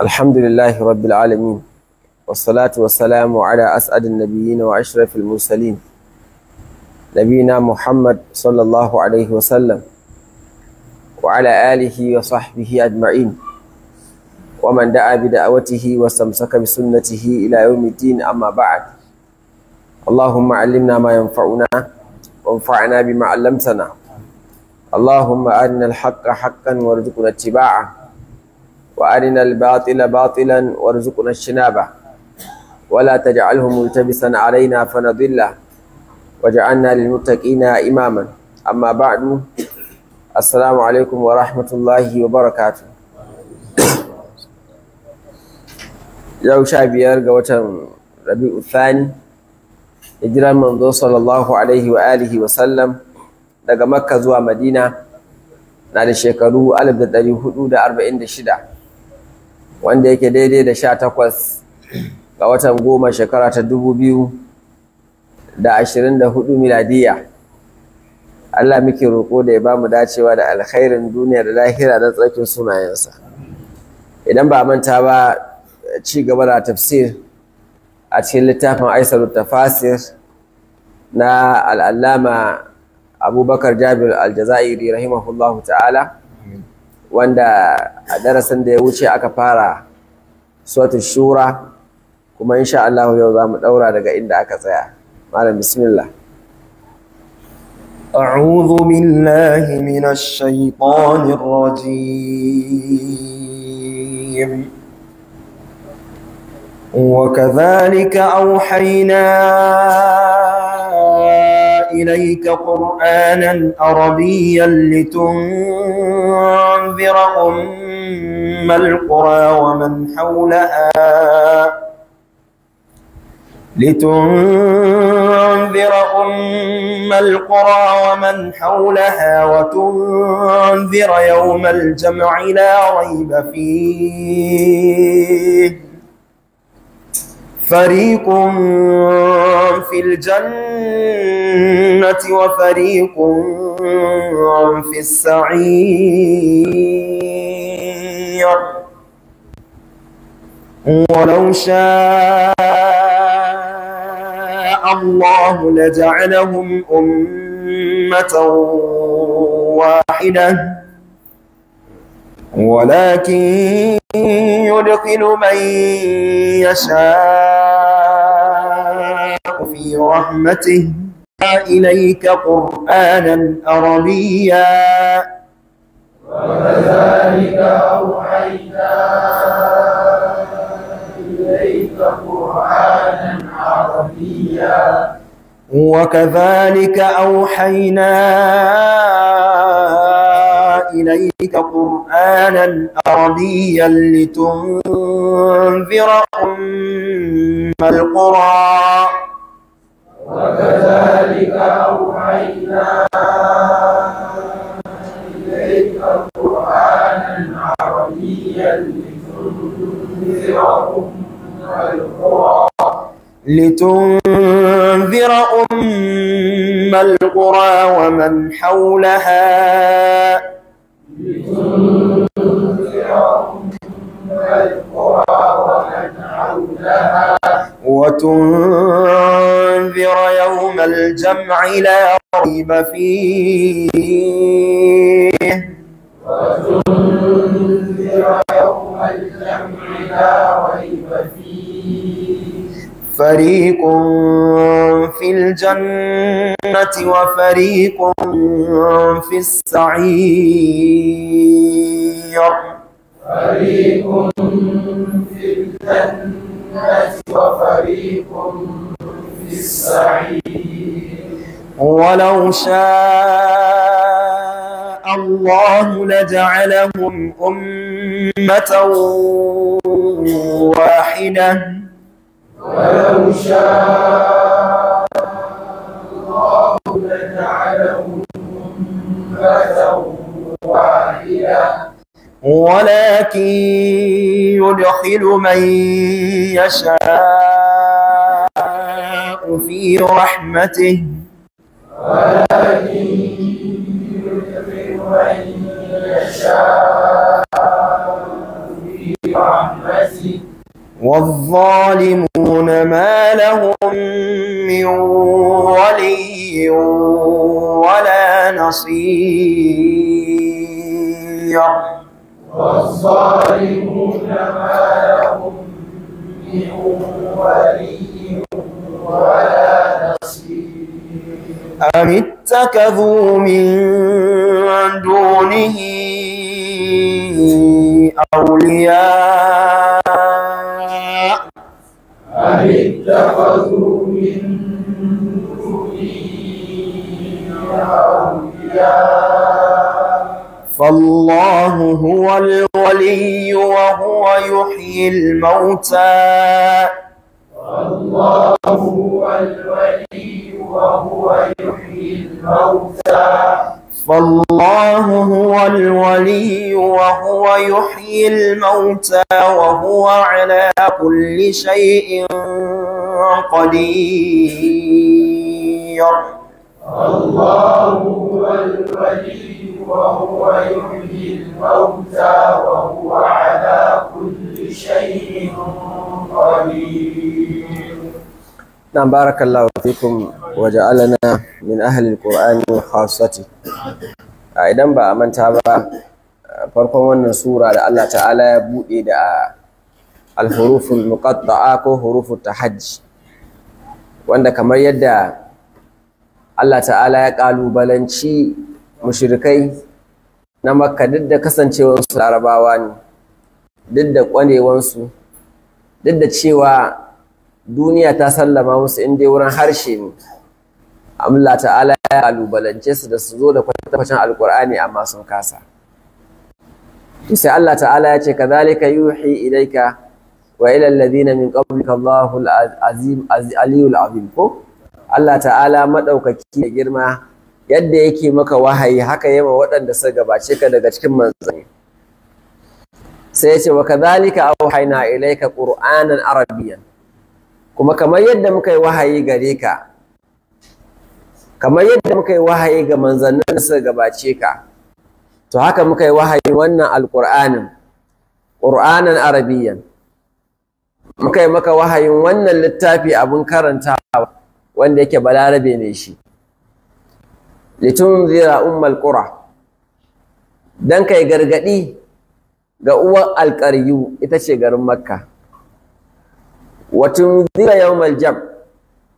الحمد لله رب العالمين والصلاة والسلام على أسعد النبيين وأشرف المرسلين نبينا محمد صلى الله عليه وسلم وعلى آله وصحبه أجمعين ومن دعا بدعوته واستمسك بسنته إلى يوم الدين أما بعد اللهم علمنا ما ينفعنا وانفعنا بما علمتنا اللهم أرنا الحق حقا وارزقنا اتباعه وأرنا الباطل باطلا وارزقنا الشنابة ولا تجعله ملتبسا علينا فنضل وجعلنا للمتقين إماما أما بعد السلام عليكم ورحمة الله وبركاته yau sha biyar ga watan rabi'u thani hijiran manzo sallallahu alaihi wa alihi wa sallam daga makka zuwa madina na da shekaru alif da ɗari hudu da arba'in da shida wanda yake daidai da sha takwas ga watan goma shekara ta dubu biyu da ashirin da hudu miladiya Allah muke roƙo da ya ba mu dacewa da alkhairin duniya da lahira da tsakin sunayensa idan ba manta ba ci gaba da tafsir a cikin littafin aisar tafasir na al'allama abubakar jabir aljazairi rahimahullahu ta'ala wanda a darasin da ya wuce aka fara suwatu shura kuma insha Allah yau za mu daura daga inda aka tsaya malam bismillah أعوذ بالله من الشيطان الرجيم وكذلك أوحينا إليك قرآنا عربيا لتنذر أم القرى ومن حولها لتنذر أم القرى ومن حولها وتنذر يوم الجمع لا ريب فيه فريق في الجنة وفريق في السعير ولو شاء الله لجعلهم أمة واحدة ولكن يدخل من يشاء في رحمته إليك قرآنا عربيا وكذلك أوحينا إليك قرآنا عربيا وكذلك أوحينا إليك قرآنا أربيا لتنذر أم القرى وكذلك أوحينا إليك قرآنا عربيا لتنذر أم القرى لتنذر أم القرى ومن حولها وتنذر يوم الجمع لا ريب فيه وتنذر يوم الجمع لا ريب فيه فريق في الجنة وفريق في السعير فريق في الجنة وفريق في السعير ولو شاء الله لجعلهم أمة واحدة ولو شاء الله لجعلهم أمة واحدة ولكن يدخل من يشاء في رحمته ولكن يدخل من يشاء في رحمته والظالمون ما لهم من ولي ولا نصير والظالمون ما لهم من ولي ولا نصير أم اتكذوا من دونه أولياء أم اتخذوا من أولياء فالله هو الولي وهو يحيي الموتى الله هو الولي وهو يحيي الموتى فالله هو الولي وهو يحيي الموتى وهو على كل شيء قدير الله هو الولي وهو يحيي الموتى وهو على كل شيء قدير نعم بارك الله فيكم وجعلنا من أهل القرآن خاصته idan ba a manta ba farkon wannan sura da Allah ta'ala ya buɗe da alhuruful muqatta'a ko huruful tahajji wanda kamar yadda Allah ta'ala ya ƙalubalanci mushirikai na makka duk da kasancewarsu larabawa ne duk da ƙwanewansu duk da cewa duniya ta sallama musu in dai wurin harshe ne Allah ta'ala ya kalubalance su da su zo da kwatankwacin alkur'ani amma sun kasa to sai Allah ta'ala ya ce kazalika yuhi ilaika wa ila alladhina min qablika Allahu al-azim aliyul azim ko Allah ta'ala madaukaki da girma yadda yake maka wahayi haka yema waɗanda suka gabace ka daga cikin manzanni sai ya ce wa kadhalika awhayna ilaika qur'anan arabiyyan kuma kamar yadda muka yi wahayi gare ka kamar yadda muka yi wahayi ga manzannin da suka gabace ka to haka muka yi wahayi wannan alƙur'anin ƙur'anan arabiyan muka yi maka wahayin wannan littafi abin karantawa wanda yake balarabe ne shi litunzira ummal qura dan kai gargadi ga uwan alƙaryu ita ce garin makka wa tunzira yawmal jam'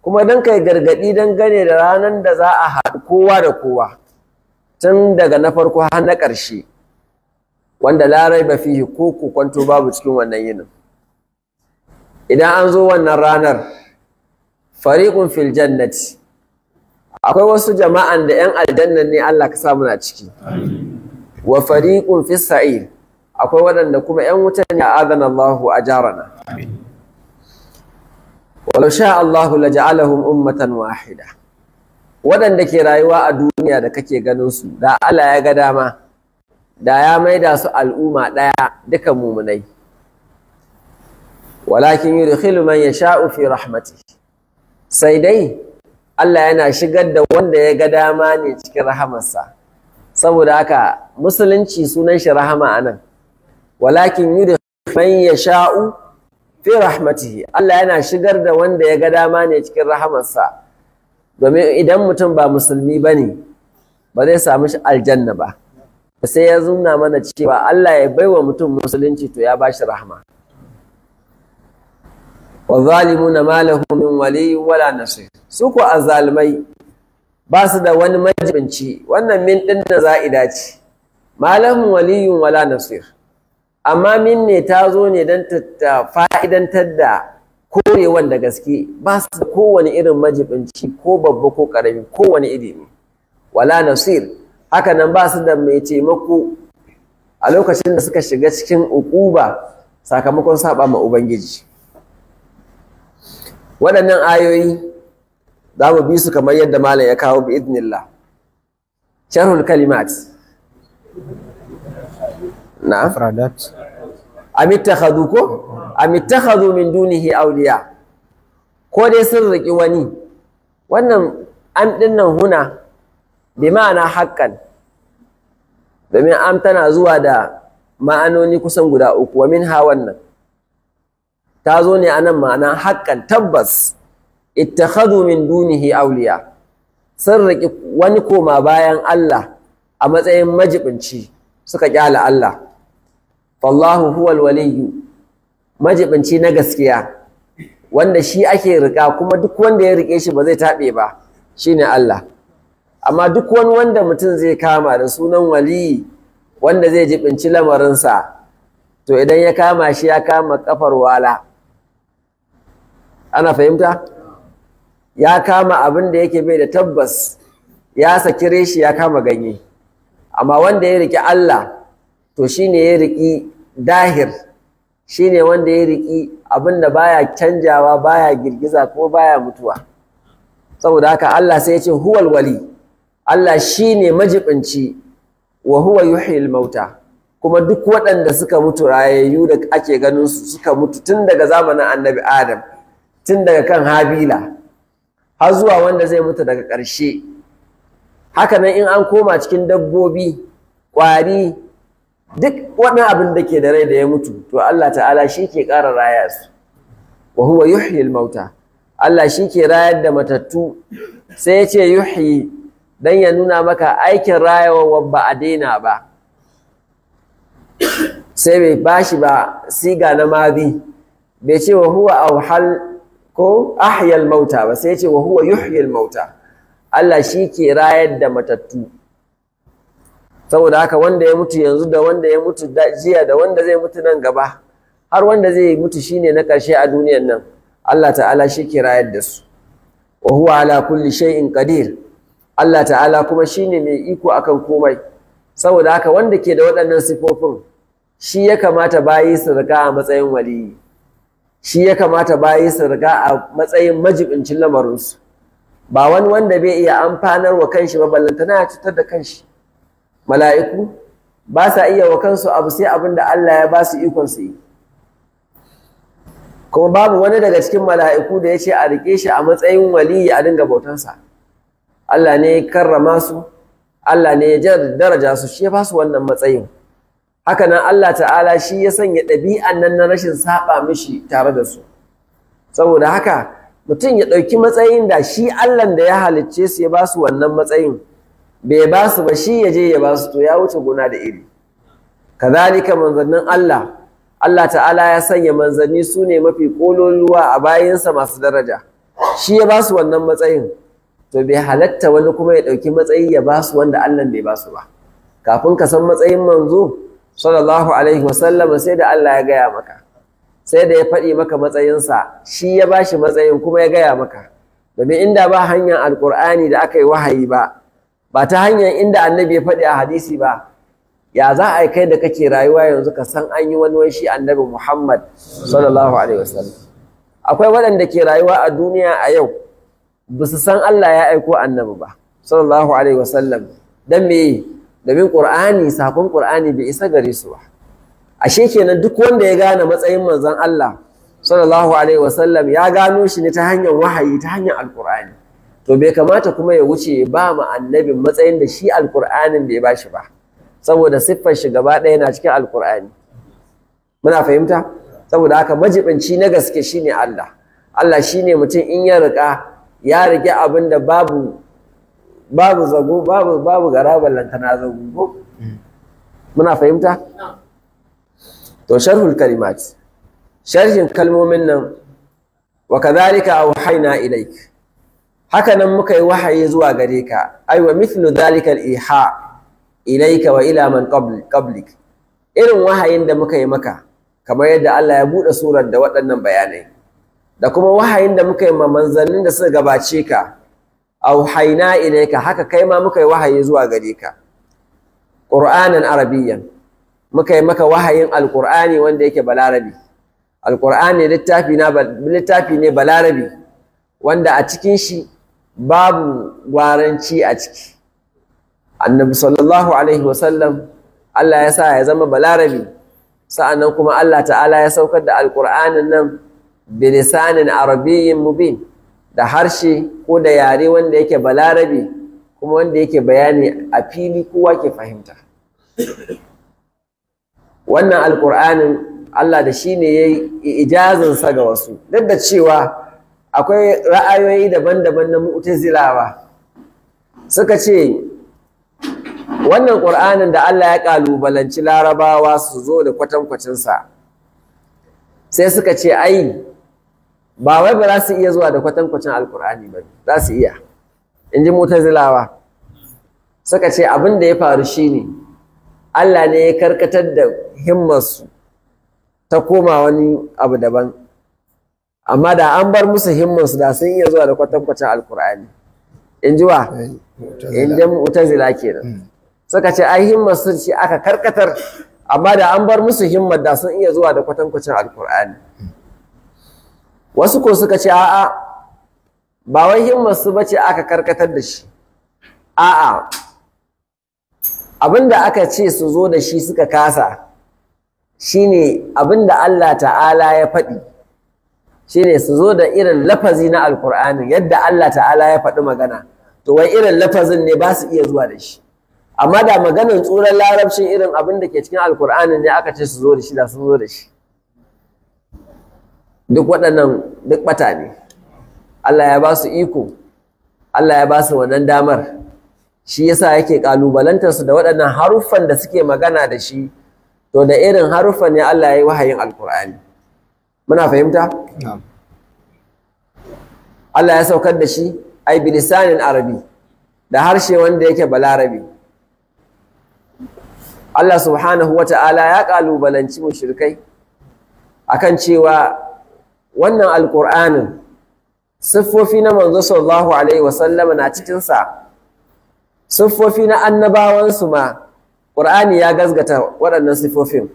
kuma don kai gargaɗi don gane da ranar da za a haɗu kowa da kowa tun daga na farko har na ƙarshe wanda larai ba fihi ko ku kwanto babu cikin wannan yinin idan an zo wannan ranar fariƙun fil jannati akwai wasu jama'an da 'yan aljanna ne Allah ka sa muna ciki wa fariqun fis sa'ir akwai waɗanda kuma 'yan wuta ne a adana Allahu ajarana amin walau sha Allahu la ja'alahum ummatan wahida waɗanda ke rayuwa a duniya da kake ganin su da Allah ya ga dama da ya maida su al'umma ɗaya duka mumunai walakin yudkhilu man yasha'u fi rahmati sai dai Allah yana shigar da wanda ya ga dama ne cikin rahamarsa saboda haka musulunci sunan shi rahama anan walakin yudkhilu man yasha'u fi rahmatihi Allah yana shigar da wanda ya ga dama ne cikin rahamarsa domin idan mutum ba musulmi ba ne ba zai samu shi aljanna ba sai ya zuna mana cewa Allah ya baiwa mutum musulunci to ya ba shi rahama wa zalimu na malahu min wali wala nasir su ko ba su da wani majibinci wannan min din da za'ida ce malahu lahum waliyun wala nasir amma min ne ta zo ne don ta fa'idantar da korewan da gaske ba su da kowane irin majibinci ko babba ko ƙarami kowane iri wala nasir haka nan ba su da mai taimako a lokacin da suka shiga cikin ukuba sakamakon saba ma ubangiji waɗannan ayoyi za mu bi su kamar yadda malam ya kawo bi idnillah sharhul kalimat na mufradat amittakhadhu ko amittakhadhu min dunihi awliya ko dai sun riki wani wannan an dinnan huna bi ma'ana haqqan domin am tana zuwa da ma'anoni kusan guda uku wa min wannan ta zo ne anan ma'ana haqqan tabbas ittakhadhu min dunihi awliya sun riki wani koma bayan Allah a matsayin majibinci suka kyala Allah Wallahu huwal waliyu, majibinci na gaskiya wanda shi ake rika kuma duk wanda ya rike shi ba zai taɓe ba shine Allah amma duk wani wanda mutum zai kama da sunan waliyi wanda zai jibinci lamarinsa to idan ya kama shi ya kama kafar wala ana fahimta ya kama abin da yake bai da tabbas ya saki reshi ya kama ganye amma wanda ya riki Allah to shine ya riƙi. dahir shine wanda ya riki abin da baya canjawa baya girgiza kuma baya mutuwa saboda haka Allah sai ya ce huwal wali Allah shine majibinci wa huwa yuhyil mauta kuma duk waɗanda suka mutu rayayyu da ake ganin su suka mutu tun daga zamanin annabi adam tun daga kan habila har zuwa wanda zai mutu daga ƙarshe haka nan in an koma cikin dabbobi ƙwari duk wani abin da ke da rai da ya mutu to Allah ta'ala shi ke ƙara raya su wa huwa yuhyi mauta Allah shi ke rayar da matattu sai ya ce yuhyi dan ya nuna maka aikin rayawa ba a daina ba sai bai bashi ba siga na mabi bai ce wa huwa auhal ko ahyal mauta ba sai ya ce wa huwa yuhyi mauta Allah shi ke rayar da matattu saboda haka wanda ya mutu yanzu da wanda ya mutu jiya da wanda zai mutu nan gaba har wanda zai mutu shine na ƙarshe a duniyar nan Allah ta'ala shi ke rayar da su wa huwa ala kulli shay'in qadir Allah ta'ala kuma shine mai iko akan komai saboda haka wanda ke da waɗannan sifofin shi ya kamata bayi su riga a matsayin waliyi shi ya kamata bayi su riga a matsayin majibincin lamarinsu ba wani wanda bai iya amfanar wa kanshi ba ballantana ya cutar da kanshi mala'iku ba sa iya wa kansu abu sai abin da Allah ya ba su ikon su yi kuma babu wani daga cikin mala'iku da ya ce a riƙe shi a matsayin waliyi a dinga bautansa Allah ne ya karrama su Allah ne ya daraja su shi ya ba su wannan matsayin haka nan Allah ta'ala shi ya sanya ɗabi'an nan na rashin saɓa mishi tare da su saboda haka mutum ya ɗauki matsayin da shi Allah da ya halicce su ya ba su wannan matsayin bai ba su ba shi ya je ya ba su to ya wuce gona da iri kazalika manzannin Allah Allah ta'ala ya sanya manzanni su ne mafi kololuwa a bayansa masu daraja shi ya ba su wannan matsayin to bai halatta wani kuma ya ɗauki matsayi ya ba su wanda Allah bai ba su ba kafin ka san matsayin manzo sallallahu alaihi wasallam sai da Allah ya gaya maka sai da ya faɗi maka matsayinsa shi ya ba shi matsayin kuma ya gaya maka domin inda ba hanyar alkur'ani da aka yi wahayi ba ba ta hanyar inda annabi ya faɗi a hadisi ba ya za a kai da kake rayuwa yanzu ka san an yi wani wanshi annabi Muhammad sallallahu alaihi wasallam akwai waɗanda ke rayuwa a duniya a yau ba su san Allah ya aiko annabi ba sallallahu alaihi wasallam dan me domin Qur'ani sakon Qur'ani bai isa gare su ba ashe kenan duk wanda ya gane matsayin manzon Allah sallallahu alaihi wasallam ya gano shi ne ta hanyar wahayi ta hanyar alqur'ani to bai kamata kuma ya wuce ba ma annabin matsayin da shi alkur'anin bai bashi ba saboda siffar shi gaba ɗaya na cikin alkur'ani muna fahimta saboda haka majibinci na gaske shine Allah Allah shine mutum in ya riƙa ya riƙe abin da babu babu zago babu babu garaba lantana zago ko muna fahimta to sharhul kalimat sharhin kalmomin nan wa kadhalika awhayna ilayka hakanan muka yi wahayi zuwa gare ka ai wa mithlu dhalika al-iha ilayka wa ila man qablik irin wahayin da muka yi maka kamar yadda Allah ya bude surar da waɗannan bayanai da kuma wahayin da muka yi ma manzannin da suka gabace ka hayna ilayka haka kai ma muka yi wahayi zuwa gare ka qur'anan arabiyyan muka yi maka wahayin alqur'ani wanda yake balarabi alqur'ani littafi na littafi ne balarabi wanda a cikin shi babu gwaranci a ciki annabi sallallahu alaihi wasallam Allah ya sa ya zama balarabi sa'annan kuma Allah ta'ala ya saukar da alƙur'anin nan bilisanin arabiyyin mubin da harshe ko da yare wanda yake balarabi kuma wanda yake bayani a fili kowa ke fahimta wannan alƙur'anin Allah da shi ne ya yi ijazansa ga wasu duk da cewa akwai ra'ayoyi daban-daban na mu'tazilawa suka ce wannan ƙur'anin da Allah ya ƙalubalanci larabawa su zo da kwatankwacinsa sai suka ce ai ba wai ba za su iya zuwa da kwatankwacin alƙur'ani ba za su iya in ji mutazilawa suka ce abin da ya faru shine Allah ne ya karkatar da himmarsu ta koma wani abu daban amma da an bar musu su da sun iya zuwa da kwatankwacin alkur'ani in ji wa in ji mutazila kenan hmm. suka ce ai himmar sun ce aka karkatar amma da an bar musu himmar da sun iya zuwa da kwatankwacin alkur'ani wasu ko suka ce a'a ba wai himmar su bace aka karkatar da shi a'a abin da aka ce su zo da shi suka kasa shine da Allah ta'ala ya faɗi Shi ne su zo da irin lafazi na alkur'ani yadda Allah ta'ala ya faɗi magana to wai irin lafazin ne ba su iya zuwa da shi amma da maganin tsoron larabcin irin abin da ke cikin alkur'ani ne aka ce su zo da shi da su zo da shi duk waɗannan duk ɓata ne Allah ya ba su iko Allah ya ba su wannan damar shi yasa yake ƙalubalantar su da waɗannan haruffan da suke magana da shi to da irin haruffan ne Allah ya yi wahayin alkur'ani muna fahimta Allah ya saukar da shi ai bilisanin arabi da harshe wanda yake balarabi Allah subhanahu wata'ala ya kalubalanci mushrikai akan cewa wannan alkur'anin siffofi na manzo sallallahu alaihi wasallama na cikinsa siffofi na annabawansu ma ƙur'ani ya gazgata waɗannan siffofin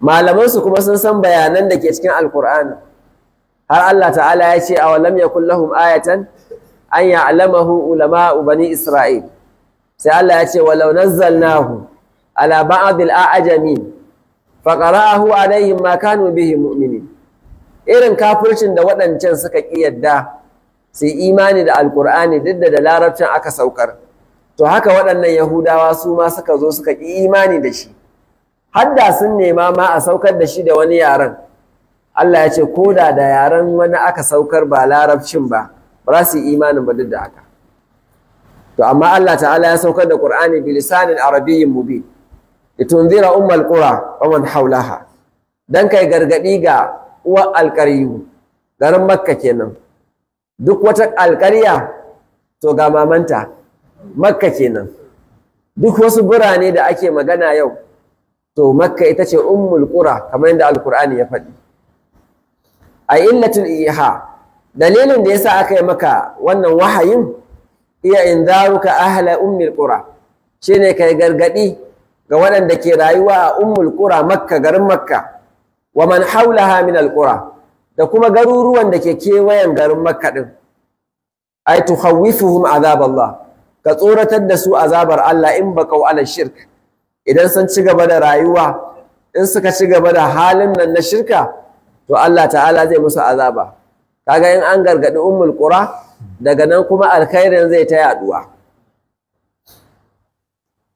malamansu kuma sun san bayanan da ke cikin alkur'ani har Allah ta'ala ya ce a walam yakun lahum ayatan an ya'lamahu ulama'u bani isra'il sai Allah ya ce walau nazzalnahu ala ba'd al-a'jamin fa qara'ahu alaihim ma kanu bihi mu'minin irin kafircin da waɗancan suka ƙi yadda su imani da alkur'ani duk da da larabcin aka saukar to haka waɗannan yahudawa su ma suka zo suka ƙi imani da shi Hadda sun nema ma a saukar da shi da wani yaren Allah ya ce ko da da yaren wani aka saukar ba larabcin ba ba za su yi imanin ba duk da haka to amma Allah ta'ala ya saukar da Qur'ani bi lisanin arabiyyin mubin litunzira ummal qura wa man hawlaha dan kai gargadi ga uwar alqariyu garin Makka kenan duk wata alƙarya to ga mamanta Makka kenan duk wasu birane da ake magana yau to makka ita ce ummul qura kamar yadda alqur'ani ya faɗi a illatul iha dalilin da yasa aka yi maka wannan wahayin iya inzaruka ahla ummul qura shine kai gargadi ga waɗanda ke rayuwa a ummul qura makka garin makka wa man haulaha min alqura da kuma garuruwan da ke kewayen garin makka din ai tuhawwifuhum azab Allah ka tsoratar da su azabar Allah in baqau ala shirk idan sun ci gaba da rayuwa in suka ci gaba da halin nan na shirka to Allah ta'ala zai musu azaba kaga in an gargadi ummul qura daga nan kuma alkhairin zai ta yaduwa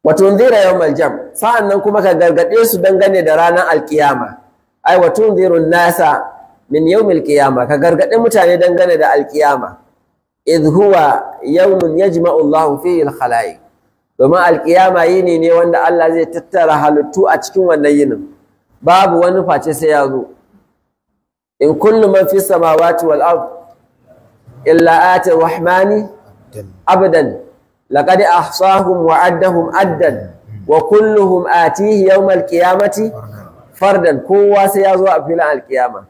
wato ndira yawmal jam sa'an nan kuma ka gargade su dangane da ranar alkiyama ai wato tunzirun nasa min yawmil qiyama ka gargade mutane dangane da alkiyama idh huwa yawmun yajma'u Allahu fihi al-khalaiq domin alƙiyama yini ne wanda Allah zai tattara halittu a cikin wannan yinin babu wani face sai ya zo in kullu man fi samawati wal ard illa ati rahmani abdan laqad ahsahum wa addahum addan wa kulluhum atihi yawm al qiyamati fardan kowa sai ya zo a filin alkiyama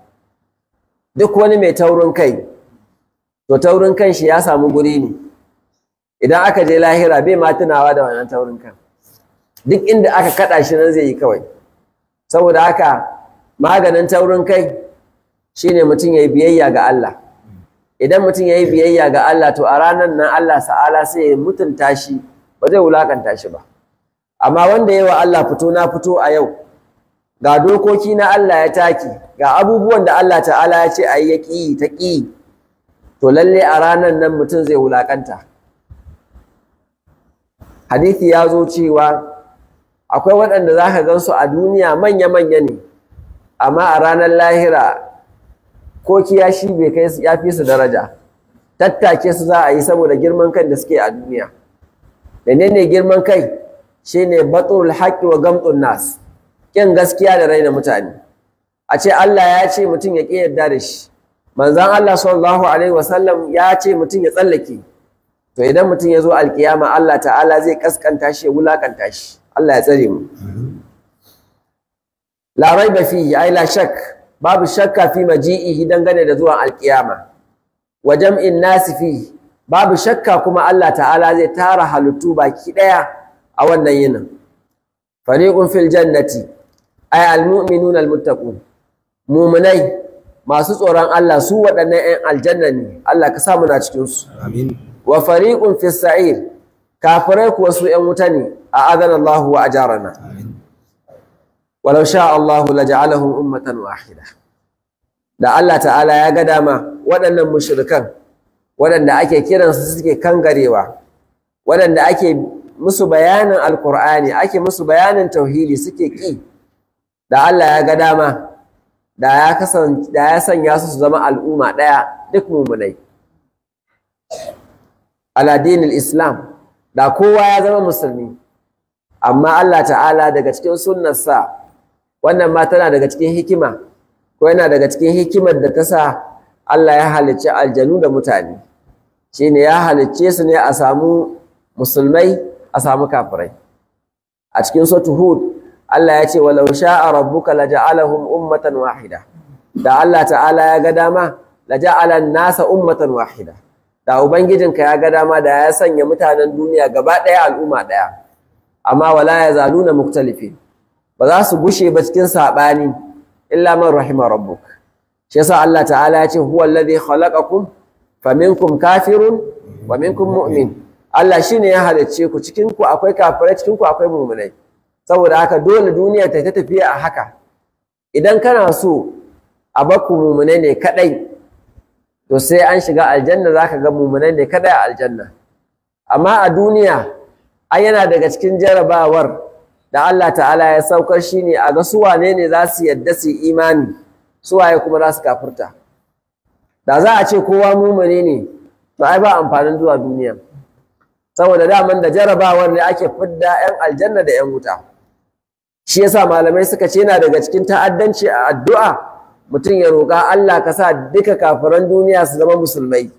duk wani mai taurin kai to taurin kan shi ya samu guri ne idan aka je lahira bai ma tunawa da wannan taurin kan duk inda aka kada shi nan zai yi kawai saboda haka maganin taurin kai shine mutum ya yi biyayya ga Allah idan mutum ya yi biyayya ga Allah to a ranar nan Allah sa'ala sai ya mutunta shi ba zai wulakanta shi ba amma wanda ya wa Allah fito na fito a yau ga dokoki na Allah ya taki ga abubuwan da Allah ta'ala ya ce a yi ya ƙi ta ƙi to lalle a ranar nan mutum zai wulakanta hadithi ya zo cewa akwai waɗanda za ka gansu a duniya manya-manya ne amma a ranar lahira ko kiyashi bai kai ya fi su daraja tattake su za a yi saboda girman kan da suke a duniya menene girman kai shine batul haƙi wa gamtun nas kin gaskiya da raina mutane a ce Allah ya ce mutum ya ƙi yarda da shi Manzan Allah sallallahu alaihi wasallam ya ce mutum ya tsallake to idan mutum ya zo alkiyama Allah ta'ala zai kaskanta shi ya wulakanta shi Allah ya tsare mu la raiba fi ai la shak babu shakka fi maji'ihi dangane da zuwan alkiyama wa jam'in nasi fi babu shakka kuma Allah ta'ala zai tara halittu baki daya a wannan yinin fariqun fil jannati mu'minuna al almuttaqun mu'minai masu tsoron Allah su waɗannan 'yan aljanna ne Allah ka mu na cikin su amin wa fariqun fi sa'ir kafirai kuwa su ƴan wuta ne a adana Allahu wa ajarana walau sha Allahu ja'alahum ummatan wahida da Allah ta'ala ya ga dama waɗannan mushrikan waɗanda ake kiransu suke kangarewa waɗanda ake musu bayanin alkur'ani ake musu bayanin tauhidi suke ƙi da Allah ya ga dama da ya sanya su su zama al'umma ɗaya duk mummunai ala islam da kowa ya zama musulmi amma Allah ta'ala daga cikin sunnarsa wannan ma tana daga cikin hikima ko yana daga cikin hikimar da ta sa Allah ya halicci aljanu da mutane shine ya halicce su ne a samu musulmai a samu kafirai a cikin sautu hud Allah ya ce walau sha'a rabbuka laja'alahum ummatan wahida da Allah ta'ala ya ga dama laja'alan nasa ummatan wahida da ka ya ga dama da ya sanya mutanen duniya gaba ɗaya al'umma ɗaya amma wala ya zaluna muktalifi ba za su gushe ba cikin saɓani illa man rahima rabbuk shi yasa Allah ta'ala ya ce huwa alladhi khalaqakum faminkum kafirun wa minkum mu'min Allah shine ya halicce ku cikin ku akwai kafirai cikin ku akwai mu'minai saboda haka dole duniya ta ta tafiya a haka idan kana so a bakku mu'minai ne kadai to sai an shiga aljanna za ka ga mummunan ne kada a aljanna amma a duniya an yana daga cikin jarabawar da Allah ta'ala ya saukar shi ne a ga su wane ne za su yadda su imani su waye kuma za su kafurta. da za a ce kowa mummuni ne to ai ba amfanin zuwa duniya saboda daman da jarabawar ne ake fidda yan aljanna da yan wuta shi yasa malamai suka ce yana daga cikin ta'addanci a addu'a mutum ya roƙa Allah ka sa duka kafiran duniya su zama musulmai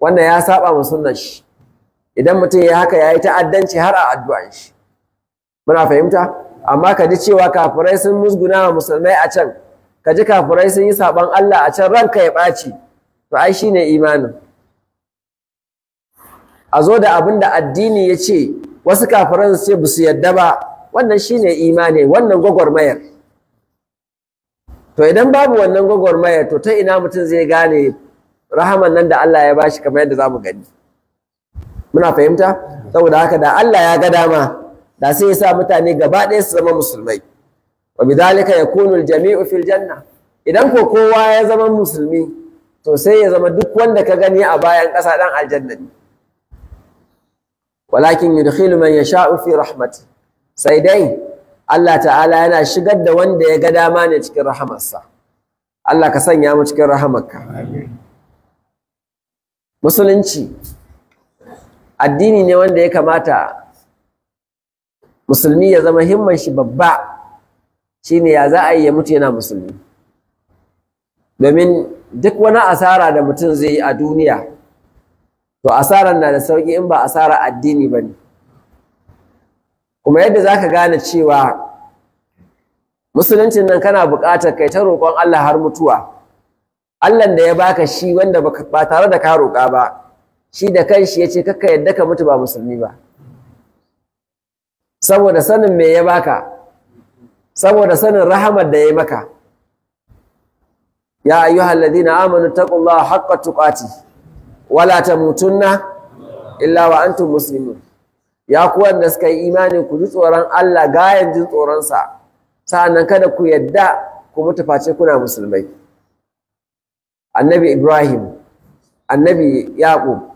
wannan ya saba mu sunnar shi idan mutum ya haka yayi ta'addanci har a addu'an shi muna fahimta amma ka ji cewa kafirai sun musguna wa musulmai a can ka ji kafirai sun yi saban Allah a can ranka ya ɓaci to ai shine imanin a zo da abin da addini ya ce wasu kafiran su ce ba su yadda ba wannan shine imani wannan gwagwarmayar to idan babu wannan gwagwarmaya to ta ina mutum zai gane rahaman nan da Allah ya bashi kamar yadda zamu gani muna fahimta saboda haka da Allah ya ga dama da sai ya sa mutane gaba ɗaya su zama musulmai wa bidalika yakunu aljami'u fil janna idan ko kowa ya zama musulmi to sai ya zama duk wanda ka gani a bayan ƙasa dan aljanna ne walakin yudkhilu man yasha'u fi rahmati sai dai Allah ta'ala yana shigar da wanda ya ga dama ne cikin rahamarsa Allah ka sanya mu cikin rahamarka musulunci addini ne wanda ya kamata musulmi ya zama himman shi babba shine ya za a yi ya mutu yana musulmi domin duk wani asara da mutum zai yi a duniya to asarar na da sauƙi in ba asara addini ba ne kuma yadda za ka gane cewa musuluncin nan kana buƙatar kai ta roƙon Allah har mutuwa Allah da ya baka shi wanda ba tare da ka roƙa ba shi da kanshi ya ce kaka yadda ka mutu ba musulmi ba saboda sanin me ya baka saboda sanin rahamar da ya maka ya ayyuhal ladina ta taqullaha haqqa tuqati wala tamutunna illa wa antum muslimun ya ku wanda suka yi imani ku ji tsoron Allah gayan jin tsoronsa sa'annan kada ku yadda ku mutu kuna musulmai annabi Ibrahim annabi Yaqub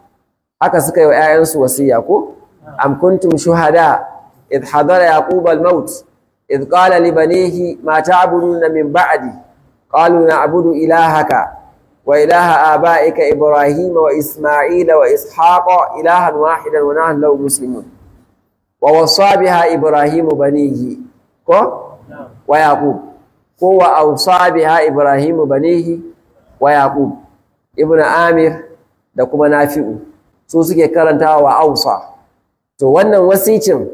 haka suka yi wa 'ya'yansu wasiya ko am kuntum shuhada idh hadara yaqub al-maut idh qala li banihi ma ta'buduna min ba'di qalu na'budu ilahaka وإله wa wa wa ishaqa ilahan wahidan wa nahnu muslimun wa wasa biha ibrahimu banihi ko wa yaqub ko wa awsa biha ibrahimu banihi wa yaqub ibn amir da kuma nafi'u su suke karantawa wa awsa to wannan wasicin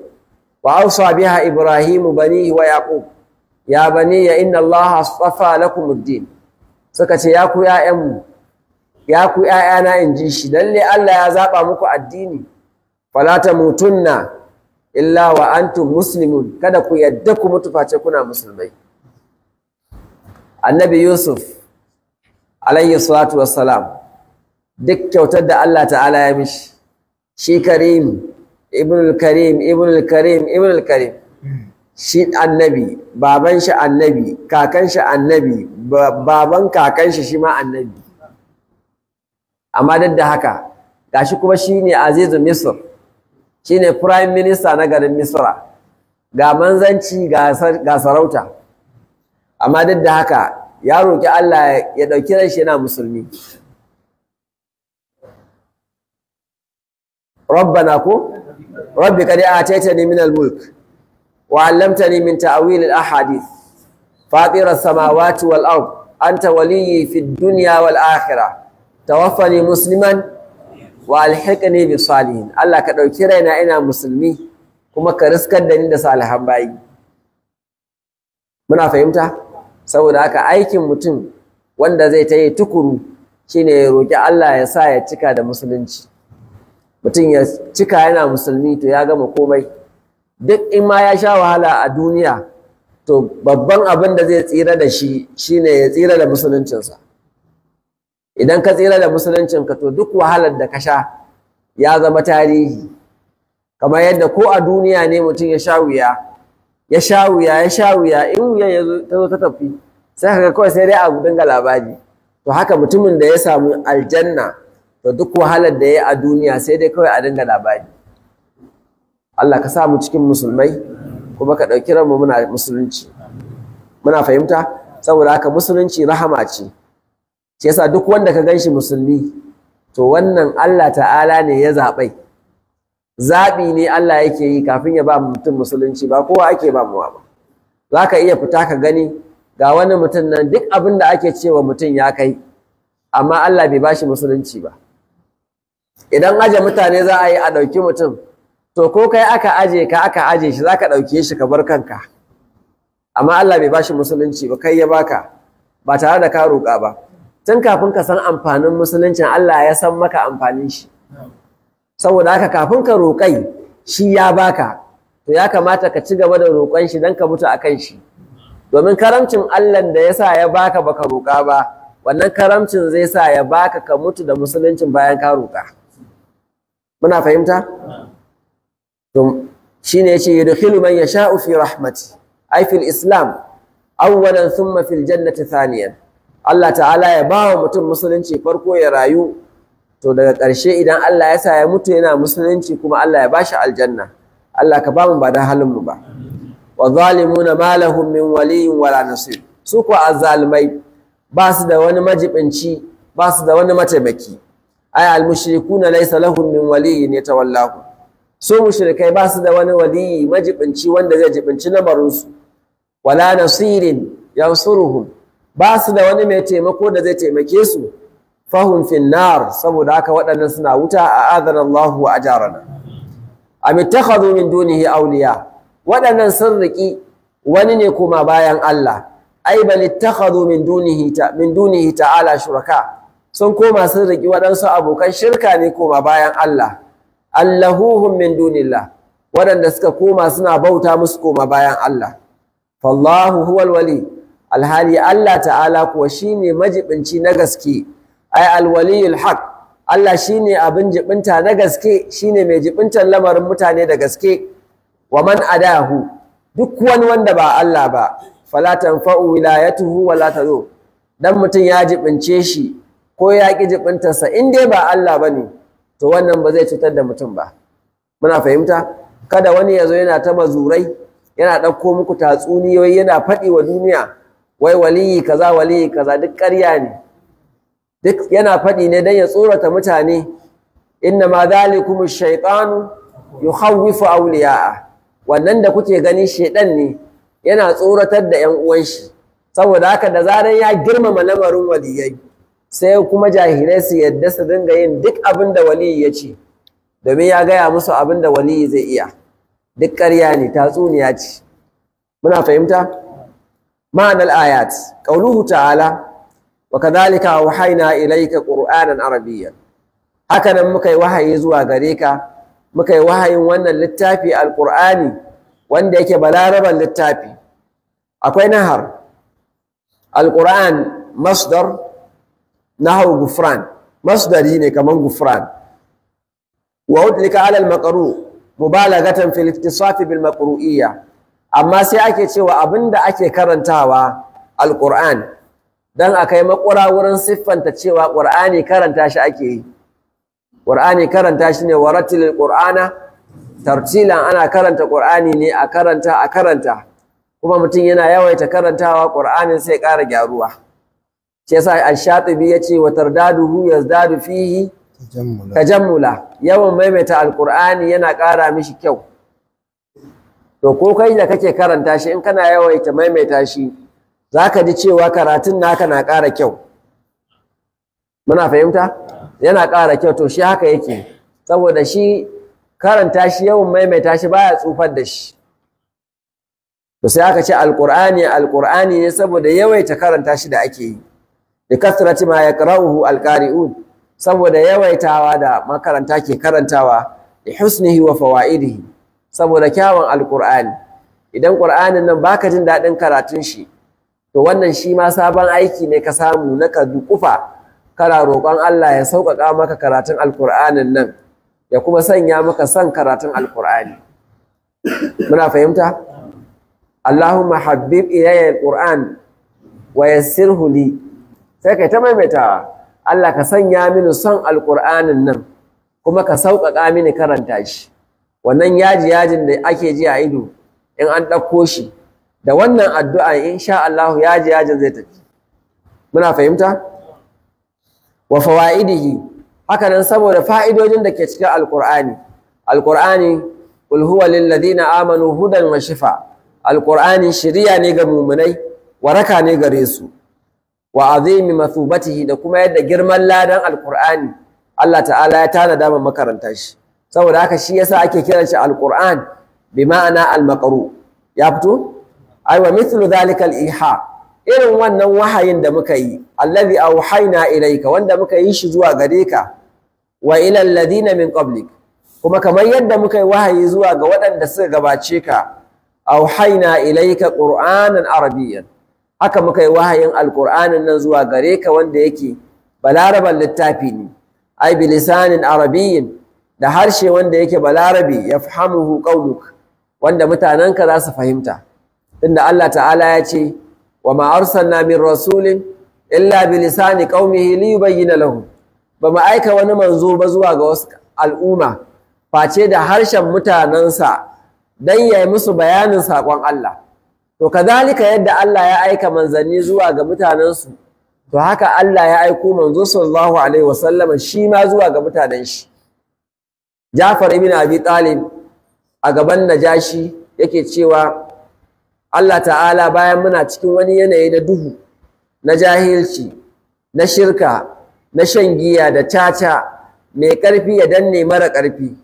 wa awsa biha ibrahimu banihi wa yaqub ya ya inna allaha astafa lakum ad-din suka ce ya ku ya'yanmu ya ku ‘ya'yana in ji shi, lalle Allah ya zaba muku addini, fala mutunna illa wa antum muslimun kada ku yadda ku mutu face kuna musulmai annabi yusuf alayhi salatu wassalam duk kyautar da Allah ta'ala ya mishi shi karim ibnul karim ibnul karim ibnul karim shi annabi baban shi annabi kakan shi annabi baban kakan shi shi ma annabi amma duk da haka gashi kuma shine azizu misr shine prime minister na garin Misra ga manzanci ga sarauta amma duk da haka ya roƙi Allah ya ɗauki shi yana musulmi rabbana ko rabbi a taita min al-mulk wa 'allamtani min ta'wil al-ahadith fatir samawati wal-ard anta waliyyi fi dunya wal-akhirah tawaffani musliman wa ne bi salihin Allah ka ɗauki raina ina musulmi kuma ka riskar da ni da salihan bayi muna fahimta saboda haka aikin mutum wanda zai ta yi tukuru shine ya roƙi Allah ya sa ya cika da musulunci mutum ya cika yana musulmi to ya gama komai duk in ma ya sha wahala a duniya to babban abin da zai tsira da shi shine ya tsira da musuluncinsa idan ka tsira da musuluncin ka to duk wahalar da ka sha ya zama tarihi kamar yadda ko a duniya ne mutum ya sha wuya ya sha wuya ya sha wuya in wuya ya zo ta tafi sai ka kawai sai dai a dinga labari to haka mutumin da ya samu aljanna to duk wahalar da ya a duniya sai dai kawai a dinga labari Allah ka sa mu cikin musulmai kuma ka ɗauki ranmu muna musulunci muna fahimta saboda haka musulunci rahama ce shi yasa duk wanda ka ganshi musulmi to wannan Allah ta'ala ne ya zaɓai zaɓi ne Allah yake yi kafin ya ba mutum musulunci ba kowa ake ba muwa ba za ka iya fita ka gani ga wani mutum nan duk abin da ake cewa mutum ya kai amma Allah bai bashi musulunci ba idan aje mutane za a yi a ɗauki mutum to ko kai aka aje ka aka aje shi za ka ɗauke shi ka bar kanka amma Allah bai bashi musulunci ba kai ya baka ba tare da ka roƙa ba tun kafin ka san amfanin musuluncin Allah ya san maka amfanin shi saboda haka kafin ka roƙai shi ya baka to ya kamata ka ci gaba da roƙon shi don ka mutu a kan shi domin karamcin Allah da ya sa ya baka baka roƙa ba wannan karamcin zai sa ya baka ka mutu da musuluncin bayan ka roƙa muna fahimta to shine yace yudkhilu man yasha'u fi rahmati ay fil islam awwalan thumma fil jannati thaniyan Allah ta'ala ya ba wa mutum musulunci farko ya rayu to daga ƙarshe idan Allah ya sa ya mutu yana musulunci kuma Allah ya ba shi aljanna Allah ka ba mu ba da halin mu ba wa zalimuna ma lahum min waliyin wala nasir su ko azzalimai ba su da wani majibinci ba su da wani mataimaki ay al mushrikuna laysa lahum min waliyin yatawallahu su mushrikai ba su da wani waliyi majibinci wanda zai jibinci lamarinsu wala nasirin yansuruhum ba su da wani mai taimako da zai taimake su fahun finnar saboda haka waɗannan suna wuta a adana Allah wa ajarana am min dunihi awliya waɗannan sun riki wani ne kuma bayan Allah ai bal ittakhadhu min dunihi ta min dunihi ta'ala shuraka sun koma sun riki waɗansu abokan shirka ne koma bayan Allah allahuhum min dunillah waɗanda suka koma suna bauta musu koma bayan Allah fallahu huwal alhali Allah ta'ala kuwa shine majibinci na gaske ai alwaliyul haq Allah shine abin jibinta na gaske shine mai jibintar lamarin mutane da gaske wa man adahu duk wani wanda ba Allah ba falatan fa'u wilayatuhu wala tazo dan mutum ya jibince shi ko ya ki jibintarsa in dai ba Allah bane to wannan ba zai cutar da mutum ba muna fahimta kada wani ya zo yana ta mazurai yana ɗauko muku tatsuniyoyi yana faɗi wa duniya wai waliyi kaza waliyi kaza duk ƙarya ne duk yana faɗi ne don ya tsorata mutane inna ma zalikum shaytanu yukhawwifu awliya'a wannan da kuke gani shedan ne yana tsoratar da yan uwan shi saboda haka da zaran ya girmama lamarin waliyai sai kuma jahilai su yadda su dinga yin duk abin da waliyi ya ce domin ya gaya musu abin da waliyi zai iya duk ƙarya ne tatsuniya ce muna fahimta معنى الآيات قوله تعالى وكذلك أوحينا إليك قرآنا عربيا هكذا مكي وحي يزوى غريكا مكي وحي وانا للتافي القرآني وانا يكي بلاربا للتافي أكوي نهر القرآن مصدر نهو غفران مصدر هنا كمان غفران وأدلك على المقروء مبالغة في الاتصاف بالمقروئية amma sai ake cewa abin da ake karantawa don a kai maƙura wurin siffanta cewa ƙur'ani karanta shi ake yi Ƙur'ani karanta shi ne waratil ƙur'ana. tartilan ana karanta ƙur'ani ne a karanta a karanta kuma mutum yana yawaita karantawa ƙur'ani sai ƙara gyaruwa shi yasa ash dadu yace wa dadu yazdadu fihi tajammula yawan maimaita Alƙur'ani yana ƙara mishi kyau to ko kai da kake karanta shi in kana yawaita maimaita shi za ka ji cewa karatun naka na ƙara kyau muna fahimta yana ƙara kyau to shi haka yake saboda shi karanta shi yawan maimaita shi baya tsufar da shi to sai aka ce Alƙur'ani? Alƙur'ani ne saboda yawaita karanta shi da ake yi bi kasrati ma ƙarauhu saboda yawaitawa da makaranta ke karantawa Da husnihi wa fawaidihi saboda kyawun alkur'ani idan ƙur'anin nan baka jin daɗin karatun shi to wannan shi ma sabon aiki ne ka samu na ka dukufa kana roƙon Allah ya sauƙaƙa maka karatun alkur'anin nan ya kuma sanya maka son karatun alkur'ani muna fahimta Allahumma habib ilayya alquran wa yassirhu li sai kai ta maimaitawa Allah ka sanya mini son Alƙur'anin nan kuma ka sauƙaƙa mini karanta shi wannan yaji yajin da ake ji a ido in an ɗauko shi da wannan addu'a sha Allah yaji yajin zai tafi muna fahimta wa fawaidihi haka saboda fa'idojin da ke cikin Alƙur'ani. Alƙur'ani ulhuwa huwa amanu hudan wa shifa alƙur'ani shiriya ne ga mu'minai waraka ne gare su wa azimi batihi da kuma yadda girman ladan Alƙur'ani. Allah ta'ala ya tana damar makaranta shi saboda haka shi yasa ake kiran shi alquran bi ma'ana almaqru ya fito ai wa mithlu dhalika aliha irin wannan wahayin da muka yi allazi awhayna ilayka wanda muka yi shi zuwa gare ka wa ila alladhina min qablik kuma kamar yadda muka yi wahayi zuwa ga waɗanda suka gabace ka awhayna ilayka qur'anan arabiyyan haka muka yi wahayin alqur'anin nan zuwa gare ka wanda yake balaraban littafi ne ai bilisanin arabiyyin da harshe wanda yake balarabi yafhamuhu ƙaunuk wanda mutanenka za su fahimta Inda Allah ta'ala ya ce wa ma namin min rasulin illa bi lisani qaumihi hili yubayyana lahu. ba mu aika wani manzo ba zuwa ga wasu al'umma face da harshen don dan yayi musu bayanin saƙon Allah to kadalika yadda Allah ya aika manzanni zuwa ga mutanensu, to haka Allah ya aiko manzo sallallahu alaihi wasallam shi ma zuwa ga mutanen shi Jafar ibn Abi Talib a gaban Najashi yake cewa Allah ta'ala bayan muna cikin wani yanayi na duhu na jahilci na shirka na shan giya da caca mai ƙarfi ya danne mara ƙarfi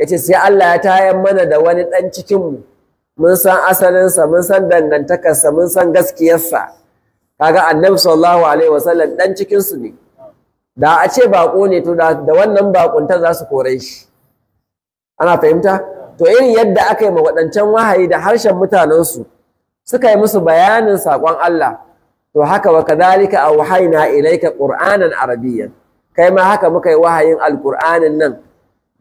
yace sai Allah ya tayar mana da wani ɗan mu mun san asalinsa mun san dangantakarsa mun san gaskiyarsa kaga annabi sallallahu alaihi wasallam ɗan cikinsu ne da a ce baƙo ne to da wannan baƙuntar za su kore shi ana fahimta to irin yadda aka yi ma wahayi da harshen mutanensu suka yi musu bayanin saƙon Allah to haka wa kadhalika awhayna ilayka qur'anan arabiyyan kai ma haka muka yi wahayin alqur'anin nan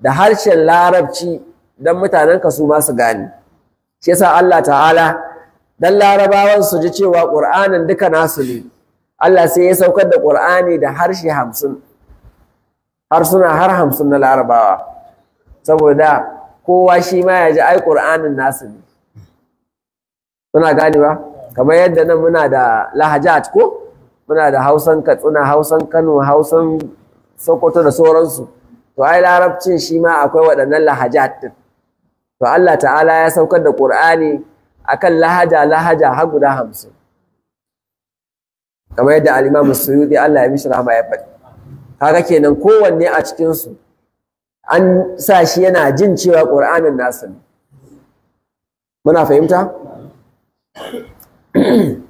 da harshen larabci dan mutanenka su ma su gane shi yasa Allah ta'ala dan larabawan su ji cewa qur'anin duka nasu ne Allah sai ya saukar da qur'ani da harshe 50 harsuna har hamsin na larabawa saboda kowa shi ma ya ji ai ƙur'anin nasu ne muna ba. kamar yadda nan muna da lahajat ko muna da hausan katsina hausan kano hausan sokoto da sauransu to ai larabcin shi ma akwai waɗannan lahajat din to Allah ta'ala ya saukar da ƙur'ani akan lahaja lahaja har guda hamsin kamar yadda al'imamu suyuti Allah ya mishi rahama ya faɗi kaga kenan kowanne a cikinsu an sa shi yana jin cewa ƙur'anin nasu ne muna fahimta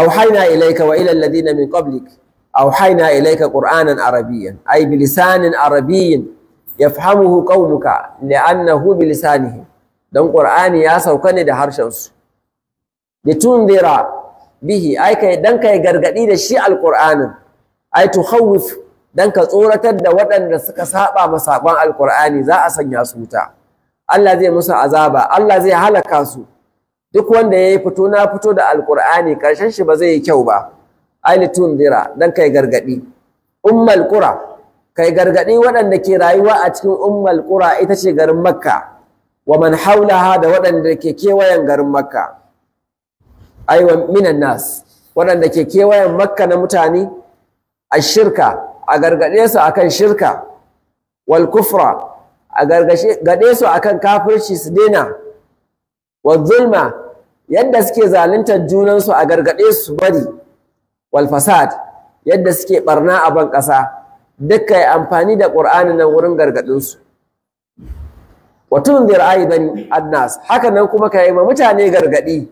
auhaina ilaika wa ila ladina min qablik auhaina ilaika qur'anan arabiyyan ay bi arabiyyin yafhamuhu qaumuka li'annahu annahu lisanihim dan qur'ani ya sauka ne da harshen su litundira bihi ay kai dan kai gargadi da shi alqur'anin ay tukhawif dan ka tsoratar da waɗanda suka saba ma sakon alkur'ani za a sanya su wuta Allah zai musu azaba Allah zai halaka su duk wanda ya yi fito na fito da alkur'ani karshen shi ba zai yi kyau ba alitun dira dan kai gargadi ummal qura kai gargadi waɗanda ke rayuwa a cikin ummal qura ita ce garin makka wa man haulaha da waɗanda ke kewayen garin makka aiwa minan nas waɗanda ke kewayen makka na mutane ashirka a gargaɗe su akan shirka wal kufra a gargaɗe su akan kafirci su daina wal zulma yadda suke zaluntar junansu a gargaɗe su bari wal fasad yadda suke barna a ban ƙasa dukka yi amfani da ƙur'ani nan wurin gargaɗinsu wa tunzir aidan annas haka nan kuma ka yi ma mutane gargaɗi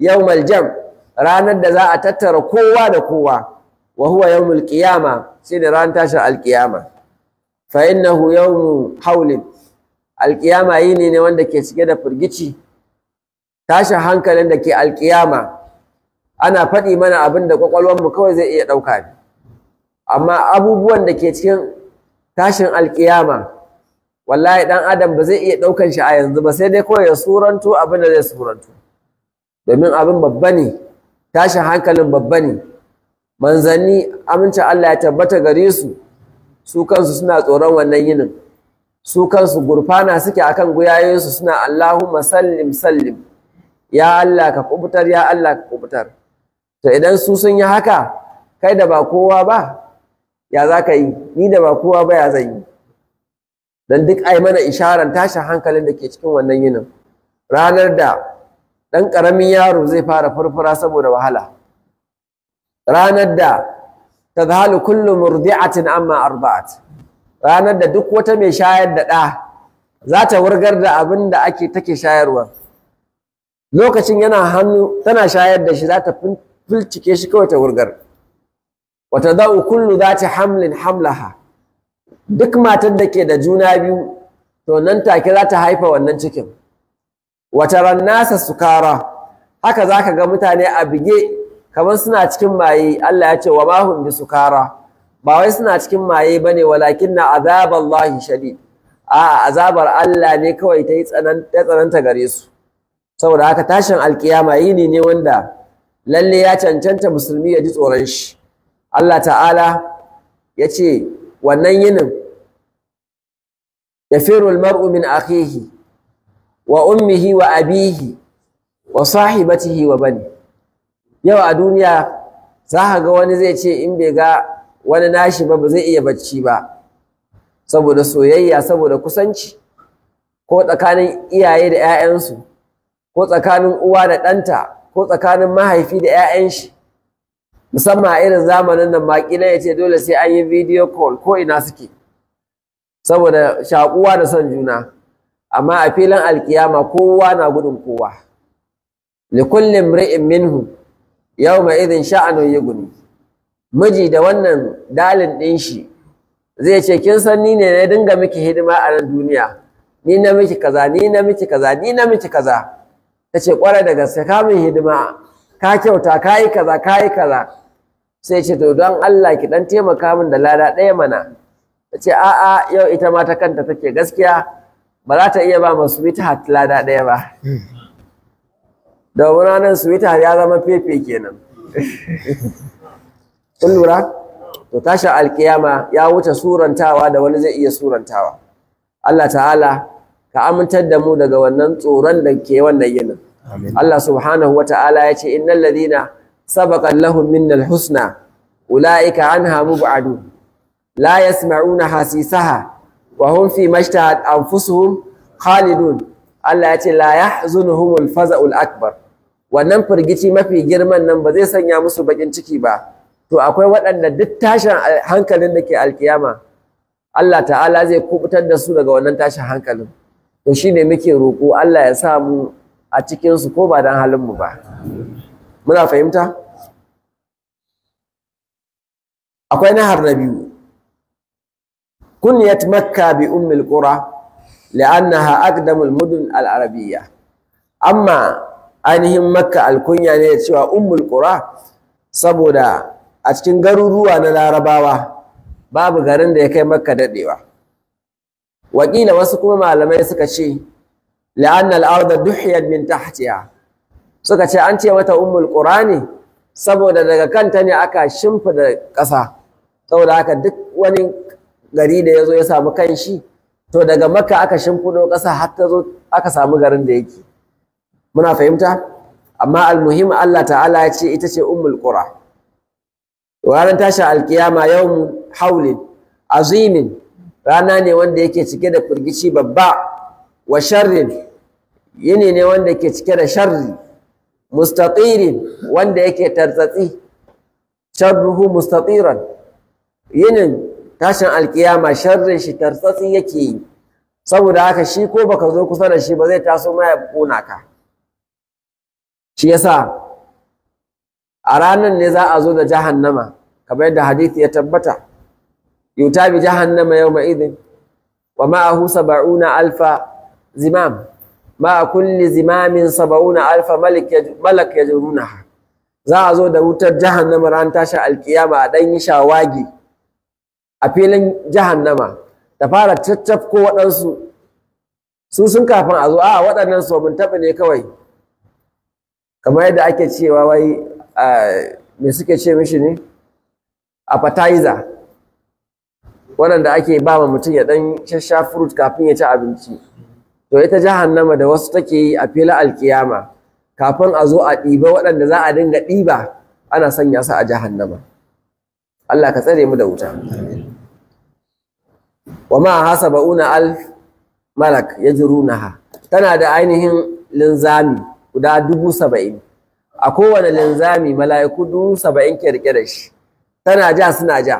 Yau, maljam, ranar da za a tattara kowa da kowa wa huwa yawmul qiyama shine ran tashin alqiyama fa innahu yawm hawlin alqiyama yini ne wanda ke cike da firgici tashin hankalin da ke alqiyama ana fadi mana abin da mu kawai zai iya ɗauka ne amma abubuwan da ke cikin tashin alƙiyama wallahi ɗan adam ba zai iya ɗaukan shi a yanzu ba sai dai kawai ya suranto abin da zai suranto domin abin babba ne tashin hankalin babba ne manzanni amincin Allah ya tabbata gare su su kansu suna tsoron wannan yinin su kansu gurfana suke akan guyayensu suna Allahumma sallim sallim ya Allah ka kubutar ya Allah ka kubutar to idan su sun yi haka kai da ba kowa ba ya za ka yi ni da ba kowa ba ya zan yi dan duk ai mana isharar tashin hankalin da ke cikin wannan yinin ranar da ɗan ƙaramin yaro zai fara furfura saboda wahala ranar da ta zahalu kullum murdi'atin amma arba'at ranar da duk wata mai shayar da ɗa za ta wurgar da abin da ake take shayarwa lokacin yana hannu tana shayar da shi za ta filcike shi kawai ta wurgar wata za'u kullu za ta hamlin hamlaha duk matan da ke da juna biyu to nan take za ta haifa wannan cikin wata rannasa sukara haka za ka ga mutane a bige kamar suna cikin maye Allah ya ce wa mahun bi sukara ba wai suna cikin maye bane walakin na Lahi shadid a'a azabar Allah ne kawai ta yi tsananta gare su saboda haka tashin alkiyama yini ne wanda lalle ya cancanta musulmi ya ji tsoron shi Allah ta'ala ya ce wannan yinin yafiru almar'u min akhihi wa ummihi wa abihi wa sahibatihi wa bani yau a duniya za ka ga wani zai ce in bai ga wani nashi ba ba zai iya bacci ba saboda soyayya saboda kusanci ko tsakanin iyaye da 'ya'yansu ko tsakanin uwa da ɗanta ko tsakanin mahaifi da 'ya'yan shi musamman a irin zamanin nan makila ya ce dole sai an yi video call ko ina suke saboda shakuwa da son juna amma a filin alkiyama kowa na gudun kowa likullin ri'in minhu yau mai idin sha'anu yi guni miji da wannan dalin ɗin shi zai ce kin san ni ne na dinga miki hidima a nan duniya ni na miki kaza ni na miki kaza ni na miki kaza ta ce kwarai da gaske ka min hidima ka kyauta ka yi kaza ka yi kaza sai ce to don Allah ki dan taimaka min da lada ɗaya mana ta ce a'a yau ita ma ta kanta take gaskiya ba za ta iya ba masu bi ta lada ɗaya ba hmm. su ranar sweetheart ya zama fefe kenan kun lura to tashin alkiyama ya wuce surantawa da wani zai iya surantawa Allah ta'ala ka amintar da mu daga wannan tsoron da ke wannan yinin Allah subhanahu wa ta'ala ya ce innal ladina sabaqa lahum minnal husna ulaika anha mub'adu la yasma'una hasisaha wa hum fi mashtahat anfusuhum khalidun Allah ya ce la yahzunuhumul faza'ul akbar wannan firgici mafi girman nan ba zai sanya musu bakin ciki ba to akwai waɗanda duk tashin hankalin da ke alkiyama Allah ta'ala zai kubutar da su daga wannan tashin hankalin to shine muke roƙo Allah ya sa mu a cikin su ko ba dan halin mu ba muna fahimta akwai nahar na biyu kunyat makka bi ummul qura li'annaha aqdamul mudun al-arabiyya amma ainihin makka alkunya ne cewa ummul qura saboda a cikin garuruwa na larabawa babu garin da ya kai makka dadewa wakila wasu kuma malamai suka ce la'anna al-arda duhiyat min tahtiha suka ce an ce mata ummul qura ne saboda daga kanta ne aka shimfida ƙasa saboda haka duk wani gari da ya zo ya samu kanshi to daga makka aka shimfido ƙasa har ta zo aka samu garin da yake muna fahimta amma almuhim Allah ta'ala ya ce ita ce ummul qura ranar tashin alkiyama yawmu haulin azimin rana ne wanda yake cike da firgici babba wa sharrin yini ne wanda yake cike da sharri mustaqirin wanda yake tartsatsi sharruhu mustatiran yinin tashin alkiyama sharrin shi tartsatsi yake yi saboda haka shi ko baka zo kusa da shi ba zai taso mai ya shi yasa a ranar ne za a zo da jahannama kamar da hadithi ya tabbata yuta bi jahannama mai izin wa ma'ahu saba'una alfa zimam ma a kulli zimamin saba'una alfa malik malak yajrunaha za a zo da wutar jahannama ran tashi alkiyama a ɗan yi shawagi a filin jahannama da fara ko waɗansu su sun kafin a zo a waɗannan su mun taɓa ne kawai kamar yadda ake cewa wai me suke ce mishi ne appetizer waɗanda ake ba ma mutum ya ɗan shasha fruit kafin ya ci abinci to ita jahannama da wasu take yi a fila alkiyama kafin a zo a ɗiba waɗanda za a dinga ɗiba ana sanya su a jahannama Allah ka tsare mu da wuta wa ma hasaba'una al malak yajrunaha tana da ainihin linzami guda dubu saba'in a kowane linzami mala'iku dubu saba'in ke rike da shi tana ja suna ja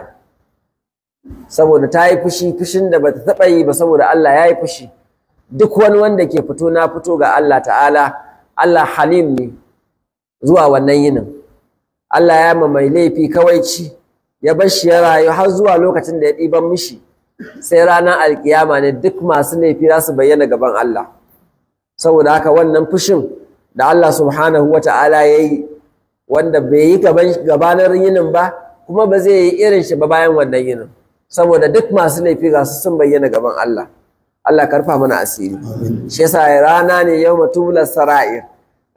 saboda ta yi fushi fushin da bata taɓa yi ba saboda Allah ya yi fushi duk wani wanda ke fito na fito ga Allah ta'ala Allah halim ne zuwa wannan yinin Allah ya mai laifi kawai ci ya bar shi ya rayu har zuwa lokacin da ya ɗiban mishi sai ranar alkiyama ne duk masu laifi za su bayyana gaban Allah saboda haka wannan fushin da Allah subhanahu wa ta'ala ya yi wanda bai yi gabanar yinin ba kuma ba zai yi irin shi ba bayan wannan yinin saboda duk masu laifi ga su sun bayyana gaban Allah Allah karfa mana asiri shi yasa rana ne yau matubula sara'ir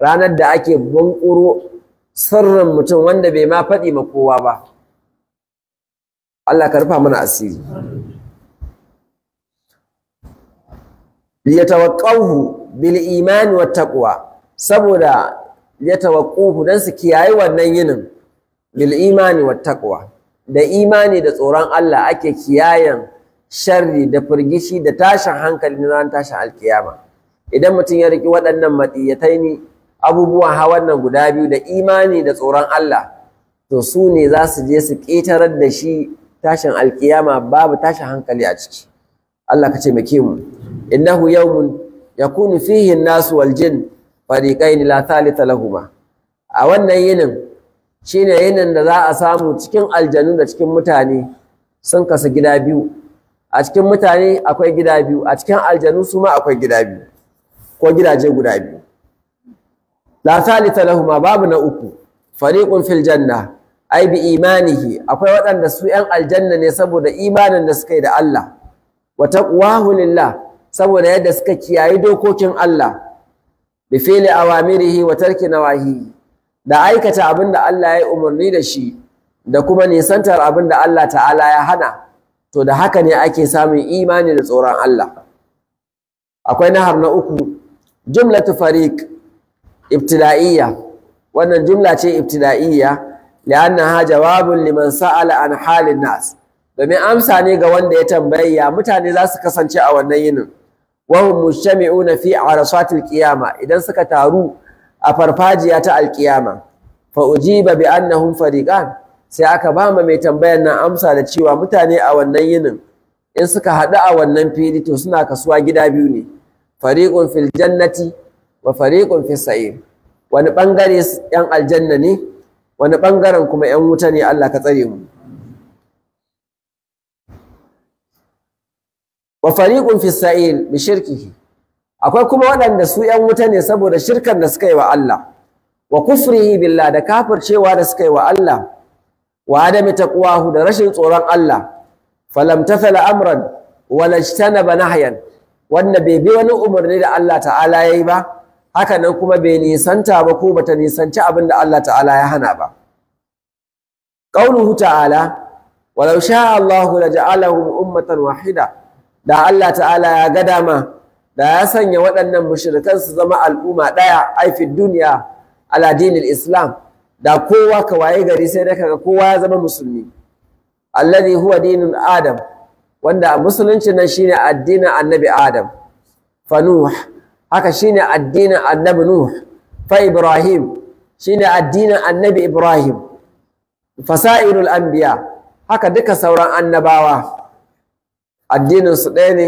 ranar da ake bankuro sirrin mutum wanda bai ma faɗi ma kowa ba Allah karfa mana asiri liyatawaqahu bil imani wat taqwa saboda ya tawaqquhu dan su kiyaye wannan yinin bil imani wa taqwa da imani da tsoron Allah ake kiyayen sharri da firgishi da tashin hankali na ran tashin alkiyama idan mutum ya riki waɗannan matiyatai abubuwan hawan nan guda biyu da imani da tsoron Allah to su ne za su je su ƙetarar da shi tashin alkiyama babu tashin hankali a ciki Allah ka ce mu innahu yawmun yakunu fihi an-nasu wal jinn fariqain ni thalitha lahuma a wannan yinin shi ne yinin da za a samu cikin aljanu da cikin mutane sun kasu gida biyu a cikin mutane akwai gida biyu a cikin aljanu su ma akwai gida biyu ko gidaje guda biyu la talahuma lahuma babu na uku fariƙun fil janna ai bi imanihi akwai waɗanda su ‘yan aljanna ne saboda imanin da suka yi da Allah wa taqwahu lillah saboda yadda suka kiyaye dokokin Allah bifili awamirihi wa tarki nawahi da aikata abin da Allah ya umarni da shi da kuma nisantar abin da Allah ta'ala ya hana to da haka ne ake samun imani da tsoron Allah akwai nahar na uku jumlatu fariq ibtida'iyya wannan jumla ce ibtida'iyya li'annaha jawabun liman sa'ala an halin nas domin amsa ne ga wanda ya tambaya mutane za su kasance a wannan yinin wahum mujtami'una fi arasatil qiyama idan suka taru a farfajiya ta alqiyama fa ujiba bi annahum fariqan sai aka ba mai tambayan nan amsa da cewa mutane a wannan yinin in suka haɗu a wannan fili to suna kasuwa gida biyu ne fariqun fil jannati wa fariqun fis sa'ir wani bangare yan aljanna ne wani bangaren kuma yan wuta ne Allah ka tsare mu wa fariqun fi sa'il bi shirkihi akwai kuma waɗanda su ‘yan wuta ne saboda shirkan da suka yi wa Allah wa kufrihi billah da kafircewa da suka yi wa Allah wa adami taqwahu da rashin tsoron Allah falam tathala amran wala ijtanaba nahyan wanda bai bi wani umarni da Allah ta'ala yayi ba haka nan kuma bai nisanta ba ko bata nisanci abin da Allah ta'ala ya hana ba qauluhu ta'ala walau sha'a Allahu laja'alahum ummatan wahida da Allah ta'ala ya ga dama da ya sanya waɗannan mushrikan su zama al'umma ɗaya aifin duniya ala islam da kowa ka waye gari sai da kaga kowa ya zama musulmi alladhi huwa dinun adam wanda musulunci nan shine addinin annabi adam fa nuh haka shine addinin annabi nuh fa ibrahim shine addinin annabi ibrahim fasairul anbiya haka duka sauran annabawa addinin su ɗaya ne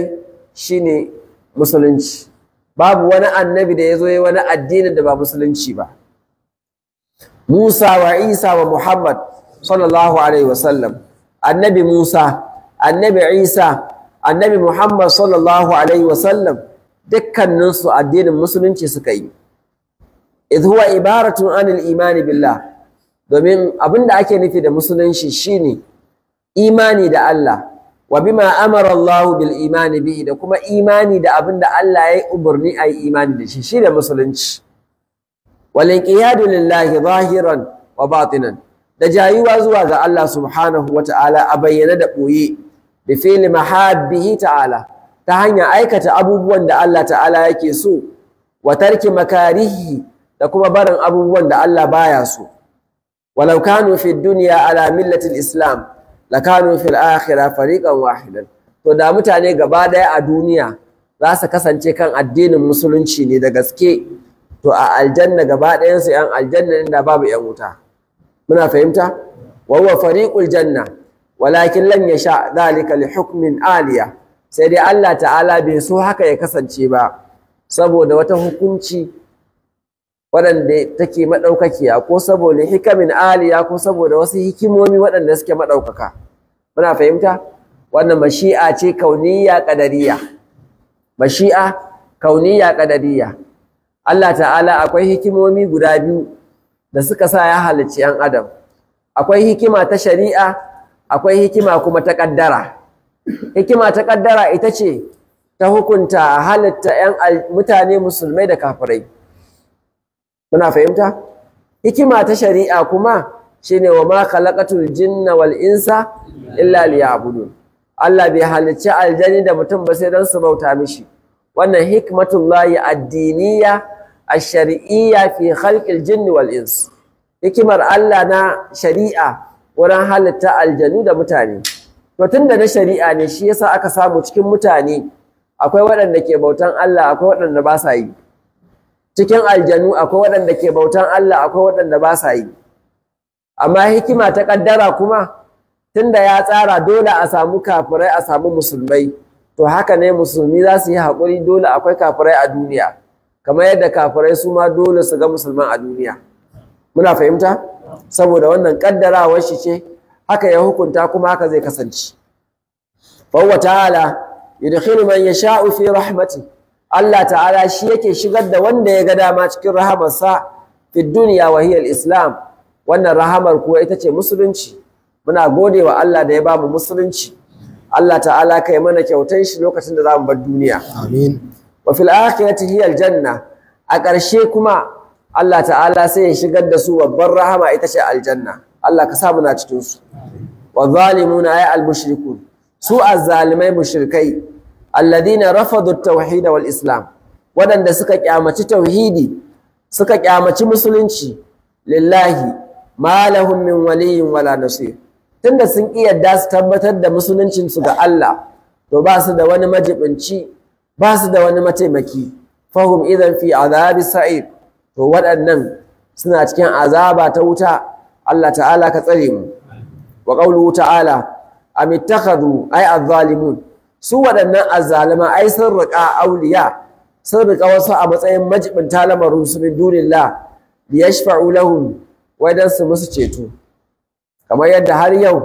shi ne musulunci babu wani annabi da ya zo ya wani addinin da ba musulunci ba Musa wa Isa wa Muhammad sallallahu alaihi wasallam annabi Musa annabi Isa annabi Muhammad sallallahu alaihi wasallam dukkaninsu addinin musulunci suka yi idh huwa ibaratun anil imani billah domin abin da ake nufi da musulunci shine imani da Allah wa bima amara Allah bil imani bihi da kuma imani da abin da Allah ya yi umarni a yi imani da shi da musulunci wal inqiyadu lillahi zahiran wa batinan da jayuwa zuwa ga Allah subhanahu wa ta'ala a bayyana da ɓoye bi fili mahabbihi ta'ala ta hanyar aikata abubuwan da Allah ta'ala yake so wa tarki makarihi da kuma barin abubuwan da Allah baya so walau kanu fi dunya ala millatil islam lakanu fil akhirah fariqan wahidan to da mutane gaba daya a duniya za su kasance kan addinin musulunci ne da gaske to a aljanna gaba ɗayan su yan aljanna da babu yan wuta muna fahimta wa huwa fariqul janna walakin lan yasha dhalika li hukmin aliya sai dai Allah ta'ala bai so haka ya kasance ba saboda wata hukunci waɗanda take maɗaukakiya ko saboda hikamin aliya ko saboda wasu hikimomi waɗanda suke maɗaukaka muna fahimta wannan mashi'a ce kauniya ƙadariya mashi'a kauniya ƙadariya Allah ta'ala akwai hikimomi guda biyu da suka sa ya halicci ‘yan adam akwai hikima ta shari'a akwai hikima kuma ta ƙaddara hikima ta ƙaddara ita ce ta hukunta halitta ‘yan mutane musulmai da kafirai Kuna fahimta hikima ta shari'a kuma shine wa ma khalaqatul jinna wal insa illa liya'budun Allah bai halicci aljani da mutum ba sai don su bauta mishi wannan hikmatullahi addiniya ash shari'iya fi khalqil jinni wal ins hikimar Allah na shari'a wurin halitta aljanu da mutane to tunda na shari'a ne shi yasa aka samu cikin mutane akwai waɗanda ke bautan Allah akwai waɗanda ba sa yi cikin aljanu akwai waɗanda ke bautan Allah akwai waɗanda ba sa yi amma hikima ta ƙaddara kuma tunda ya tsara dole a samu kafirai a samu musulmai to haka ne musulmi za su yi haƙuri dole akwai kafirai a duniya kamar yadda kafirai su ma dole su ga musulman a duniya muna fahimta saboda wannan ƙaddarawar shi ce haka ya hukunta kuma haka zai kasance فهو تعالى يدخل man يشاء في rahmati? Allah ta'ala shi yake shigar da wanda ya ga dama cikin rahamarsa fi duniya wa hiyar islam wannan rahamar kuwa ita ce musulunci muna gode wa Allah da ya ba mu musulunci Allah ta'ala kai mana kyautan shi lokacin da za mu bar duniya amin wa fil akhirati hiya janna a ƙarshe kuma Allah ta'ala sai ya shigar da su babbar rahama ita ce aljanna Allah ka sa muna cikin su wa zalimuna ay al mushrikun su azzalimai mushrikai alladhina rafadu at-tauhid wal islam wadanda suka kyamaci tauhidi suka kyamaci musulunci lillahi malahum min waliyyin wala nasir tunda sun kiyarda su tabbatar da musuluncin su ga Allah to ba su da wani majibinci ba su da wani mataimaki fahum idan fi azabi sa'id to waɗannan suna cikin azaba ta wuta Allah ta'ala ka tsare mu wa qawluhu ta'ala am ittakhadhu ay adh su waɗannan azzalima ai sun riƙa auliya sun riƙa wasu a matsayin majibinta lamarin su min dunillah liyashfa'u lahum wai dan su musu ceto kamar yadda har yau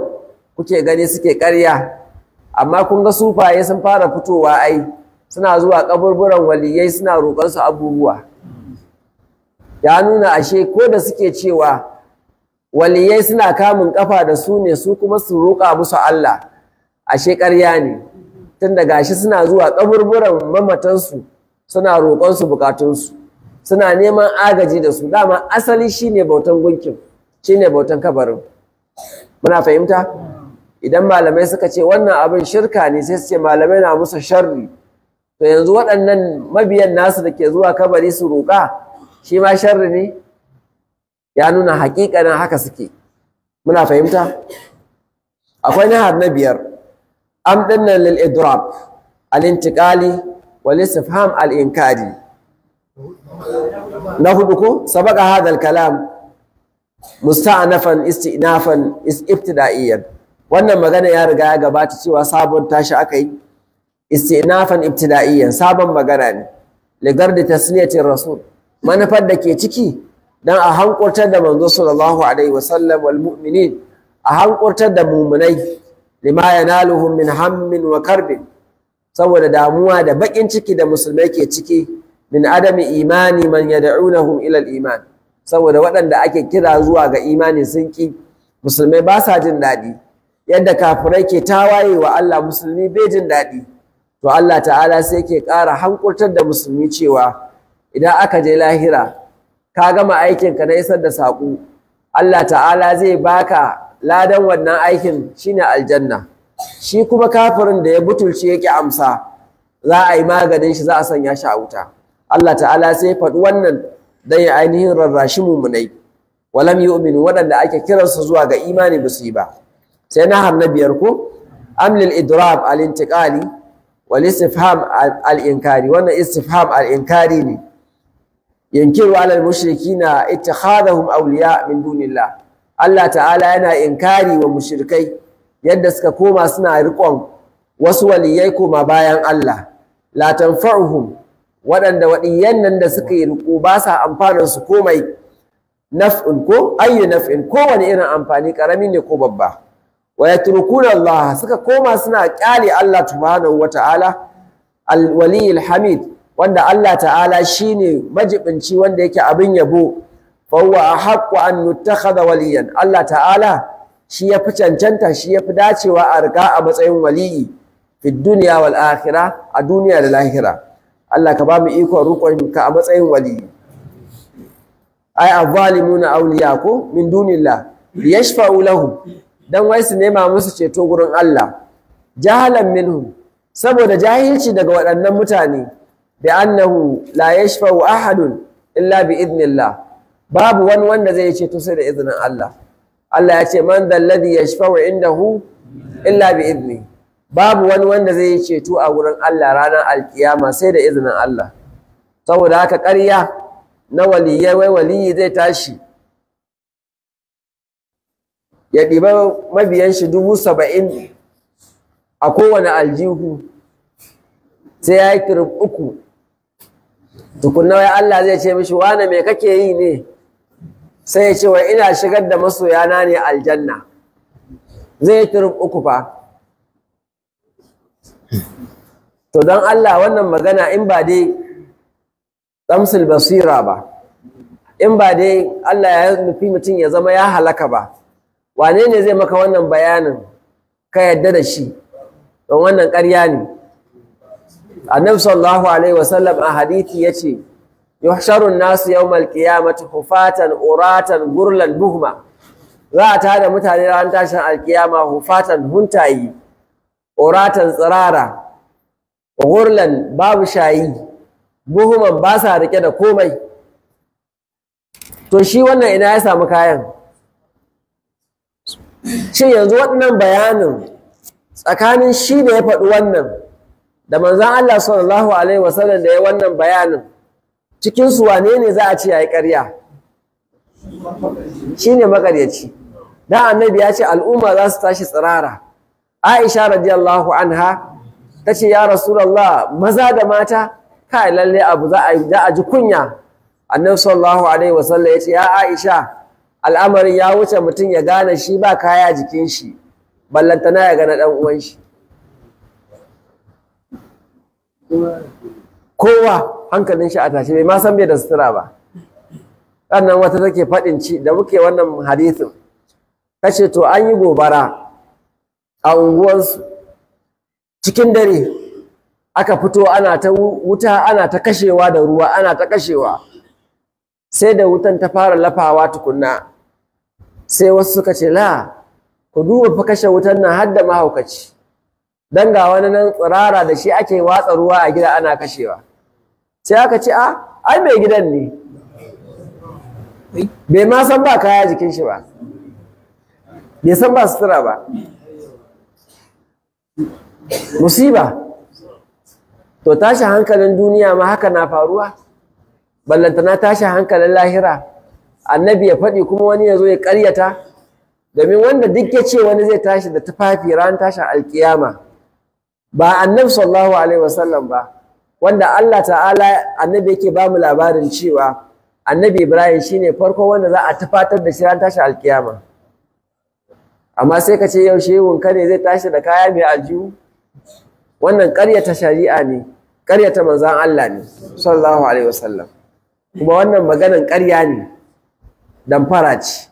kuke gani suke ƙarya amma kun ga sufaye sun fara fitowa ai suna zuwa kaburburan waliyai suna roƙonsu abubuwa ya nuna ashe ko da suke cewa waliyai suna kamun kafa da su ne su kuma su roƙa musu Allah ashe ƙarya ne tunda gashi suna zuwa kaburburan mamatansu suna roƙon su bukatunsu suna neman agaji da su dama asali shine bautan gunkin shine bautan kabarin muna fahimta idan malamai suka ce wannan abin shirka ne sai su ce malamai na musu sharri to yanzu waɗannan mabiyan nasu da ke zuwa kabari su roƙa shi ma sharri ne ya nuna haƙiƙanin haka suke muna fahimta akwai nahar na biyar An din nan lil idrab al intiqali wal istifham al inkari na hudu ko sabaka hadha al kalam musta'nafan istinafan ibtida'iyan wannan magana ya riga ya gabata cewa sabon tashi aka yi istinafan ibtida'iyan sabon magana ne ligar da tasniyatin rasul manufar da ke ciki dan a hankurtar da manzo sallallahu alaihi wasallam wal mu'minin a hankurtar da muminai lima yanaluhum min hammin wa karbin saboda damuwa da bakin ciki da musulmai ke ciki min adami imani man yad'unahum ila ilal iman saboda waɗanda ake kira zuwa ga imani sun ki musulmai ba sa jin daɗi yadda kafirai ke tawaye wa Allah musulmi bai jin daɗi to Allah ta'ala sai ke ƙara hankurtar da musulmi cewa idan aka je lahira ka gama aikinka na isar da saƙo Allah ta'ala zai baka ladan wannan aikin shine aljanna shi kuma kafirin da ya butulci yake amsa za a yi maganin shi za a sanya shi a wuta Allah ta'ala sai faɗi wannan dan ya ainihin rarrashi mumunai walam yu'minu waɗanda ake kiransu zuwa ga imani basu yi ba sai na har na biyar ko amlil idrab al intiqali wal istifham al inkari wannan istifham al inkari ne yankiru ala al mushrikina ittakhadahum awliya min dunillah Allah ta'ala yana inkari wa mushrikai yadda suka koma suna riƙon wasu waliyai koma bayan Allah la tanfa'uhum waɗanda waɗiyan nan da suka yi riƙo ba sa amfanin su komai naf'in ko ayyu naf'in wani irin amfani karami ne ko babba wa yatrukuna Allah suka koma suna kyale Allah subhanahu wata'ala al-waliyul hamid wanda Allah ta'ala shine majibinci wanda yake abin yabo a haƙƙo an yuttakhadha waliyan Allah ta'ala shi ya fi cancanta shi ya fi dacewa a riga a matsayin waliyi fi duniya wal akhira a duniya da lahira Allah ka ba mu ikon rukun ka a matsayin waliyi ai azzalimuna auliya ko min dunillah yashfa'u lahu dan wai su nema musu ceto gurin Allah jahalan minhum saboda jahilci daga waɗannan mutane bi annahu la yashfa'u ahadun illa bi idnillah babu wani wanda zai ceto sai da izinin Allah Allah ya ce man dalladhi inda hu illa bi izini. babu wani wanda zai ceto a wurin Allah ranar alkiyama sai da izinin Allah saboda haka karya na waliyyar wai waliyyi zai tashi ya ɗiba mabiyan shi dubu saba'in a kowane aljihu sai ya yi uku tukunna wai Allah zai ce mishi wane me kake yi ne sai ya ce wa ina shigar da masoyana ne aljanna zai turu uku fa to don Allah wannan magana in ba dai tsamsul basira ba in ba dai Allah ya nufi mutum ya zama ya halaka ba wane ne zai maka wannan bayanin ka yadda da shi don wannan ƙarya ne annabi sallallahu alaihi wasallam a hadithi ya ce yuhsharun nasu yawmal qiyamati hufatan uratan gurlan buhma za a tada mutane ran tashin alkiyama hufatan huntayi uratan tsirara gurlan babu shayi buhuman ba sa rike da komai to shi wannan ina ya samu kayan shin yanzu waɗannan bayanin tsakanin shi da ya faɗi wannan da manzan Allah sallallahu alaihi wasallam da ya wannan bayanin Cikinsu su wane ne za a ce yayi Shi ne makaryaci dan annabi ya ce al'umma za su tashi tsirara Aisha radiyallahu anha ce ya Rasulullah maza da mata kai lalle abu za a za a ji kunya Annabi sallallahu alaihi wasallam ya ce ya Aisha al'amarin ya wuce mutum ya gane shi ba kaya jikin shi ballantana ya gane dan uwan shi kowa hankalin shi a tashi bai ma san bai da sutura ba sannan wata take faɗin ci da muke wannan hadisin kace to an yi gobara a unguwarsu cikin dare aka fito ana ta wuta ana ta kashewa da ruwa ana ta kashewa sai da wutan ta fara lafawa tukunna sai wasu suka ce la ku duba fa kashe wutan nan har da mahaukaci dan ga wani nan tsirara da shi ake watsa ruwa a gida ana kashewa sai aka ce a ah, ai mai gidan ne bai ma san ba kaya jikin shi ba bai san ba sutura ba musiba to tashi hankalin duniya ma haka na faruwa ballantana tashi hankalin lahira annabi ya faɗi kuma wani ya zo ya karyata. domin wanda duk ya ce wani zai tashi da tufafi ran tashin alkiyama ba annabi sallallahu alaihi wasallam ba wanda Allah ta'ala annabi yake ba mu labarin cewa annabi Ibrahim shine farko wanda za a tafatar da shi ran tashi alkiyama amma sai ka ce yau shehun ka ne zai tashi da kaya mai aljihu wannan ƙaryata shari'a ne ƙaryata manzan Allah ne sallallahu alaihi wasallam kuma wannan maganan ƙarya ne damfara ce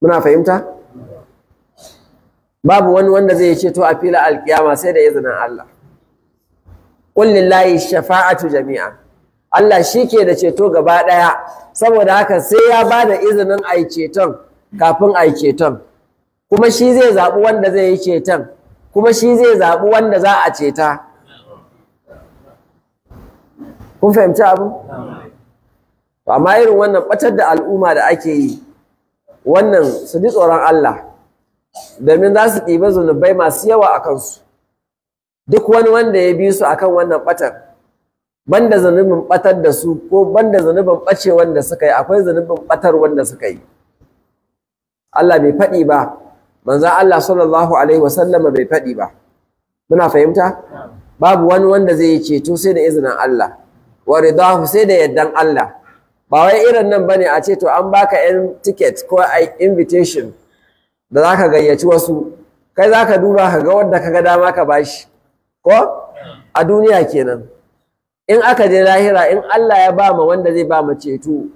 muna fahimta babu wani wanda zai ce to a fila alkiyama sai da izinin Allah kullillahi shafa'atu jami'a Allah shi ke da ceto gaba ɗaya saboda haka sai ya ba da izinin a kafin a yi ceton kuma shi zai zaɓi wanda zai yi ceton kuma shi zai zaɓi wanda za a ceta kun fahimci abu amma irin wannan ɓatar da al'umma da ake yi wannan su ji tsoron Allah domin za su ɗiba zunubai masu yawa a kansu duk wani wanda ya bi su akan wannan batar banda zanubin batar da su ko banda zanubin bace wanda suka yi akwai zanubin batar wanda suka yi Allah bai faɗi ba manzon Allah sallallahu alaihi wasallama bai faɗi ba muna fahimta babu wani wanda zai yi ceto sai da izinin Allah wa ridahu sai da yardan Allah ba wai irin nan bane a ce to an baka yan ticket ko invitation da zaka gayyaci wasu kai zaka duba ka ga wanda kaga dama ka bashi ko a duniya kenan in aka je lahira in Allah ya ba mu wanda zai ba mu ceto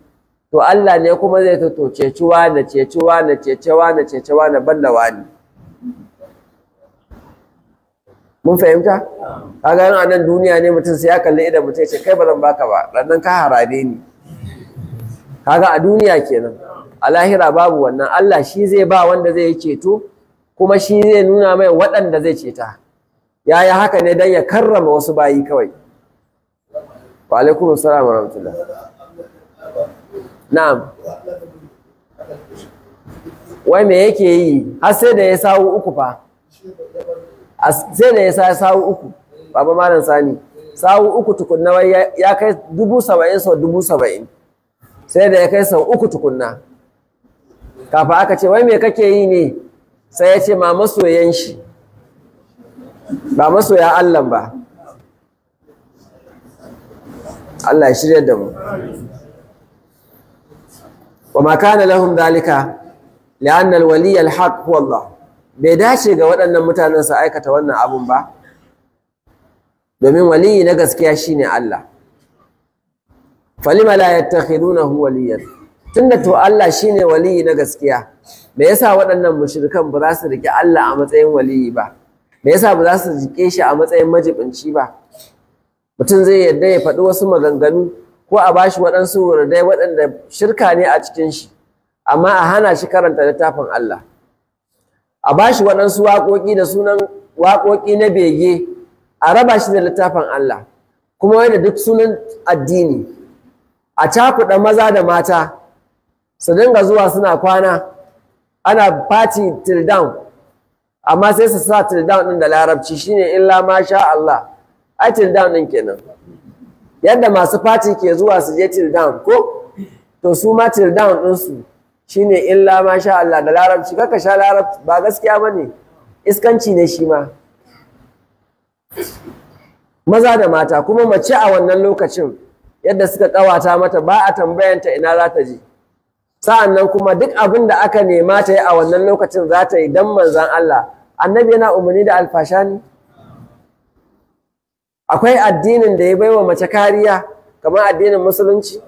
to Allah ne kuma zai ta to cecuwa na cecuwa na cecewa na cecewa na ballawa wani mun fahimta kaga yan anan duniya ne mutum sai ya kalli idan mutum ce kai ba zan baka ba rannan ka harabe ni kaga a duniya kenan a lahira babu wannan Allah shi zai ba wanda zai yi ceto kuma shi zai nuna mai waɗanda zai ceta ya yi haka ne don ya karrama wasu bayi kawai wa alaikum salam wa rahmatullah na'am wai me yake yi har sai da ya sawo uku fa sai da ya sawo uku baba malam sani sawo uku tukunna wai ya kai dubu saba'in sau dubu saba'in sai da ya kai sau uku tukunna kafa aka ce wai me kake yi ne sai ya ce ma masoyan shi ba masoya Allah ba Allah ya shirya da mu wa ma kana lahum dalika li'anna al-waliy al-haq huwa Allah bai dace ga waɗannan mutanen su aikata wannan abun ba domin waliyi na gaskiya shine Allah falima la yattakhidunahu waliyan tunda to Allah shine waliyi na gaskiya me yasa waɗannan mushrikan ba za su rike Allah a matsayin waliyi ba me yasa ba za su jike shi a matsayin majibinci ba mutum zai yarda ya faɗi wasu maganganu ko a bashi waɗansu wurdai waɗanda shirka ne a cikin shi amma a hana shi karanta littafin Allah a bashi waɗansu waƙoƙi da sunan waƙoƙi na bege a raba shi da littafin Allah kuma wai da duk sunan addini a cakuɗa maza da mata su dinga zuwa suna kwana ana party till down amma sai su sa tildown ɗin da larabci shine illa ma sha Allah ai tildown din kenan yadda masu fati ke zuwa su je tildown ko to su ma tildown su, shine illa ma sha Allah da larabci kaka sha larabci ba gaskiya bane iskanci ne shi ma maza da mata kuma mace a wannan lokacin yadda suka kawata mata ba a tambayanta ina za ta je Sa'annan kuma duk abin da aka nema ta yi a wannan lokacin za ta yi don manzan Allah annabi yana umarni da alfashani. akwai addinin da ya baiwa mace kariya kamar addinin musulunci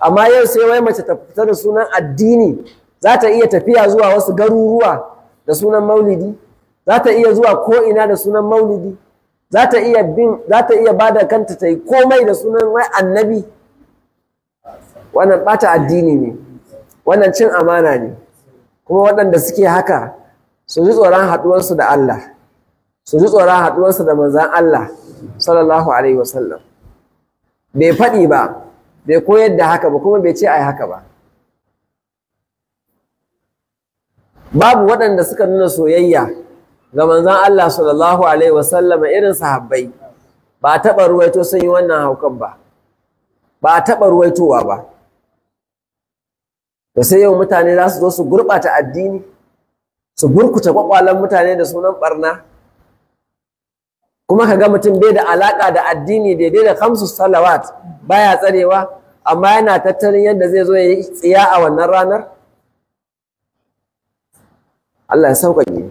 amma yau sai wai mace ta fita da sunan addini za ta iya tafiya zuwa wasu garuruwa da sunan maulidi za ta iya zuwa ko'ina da sunan maulidi za ta iya bin za ta iya bada kanta ta yi komai da sunan wai annabi wannan bata addini ne wannan cin amana ne kuma waɗanda suke haka su ji tsoron haɗuwarsu da Allah su ji tsoron haɗuwarsu da manzan Allah sallallahu alaihi wasallam bai faɗi ba bai koyar da haka ba kuma bai ce a yi haka ba babu waɗanda suka nuna soyayya ga manzan Allah sallallahu alaihi wasallam irin sahabbai ba a taɓa ruwaito sun yi wannan haukan ba ba a taɓa ruwaitowa ba da sai yau mutane za su zo su gurɓata addini su burkuta kwakwalen mutane da sunan barna kuma ka ga mutum bai da alaƙa da addini daidai da kamsu salawat baya tsarewa amma yana tattalin yadda zai zo ya yi tsiya a wannan ranar Allah ya sauƙaƙe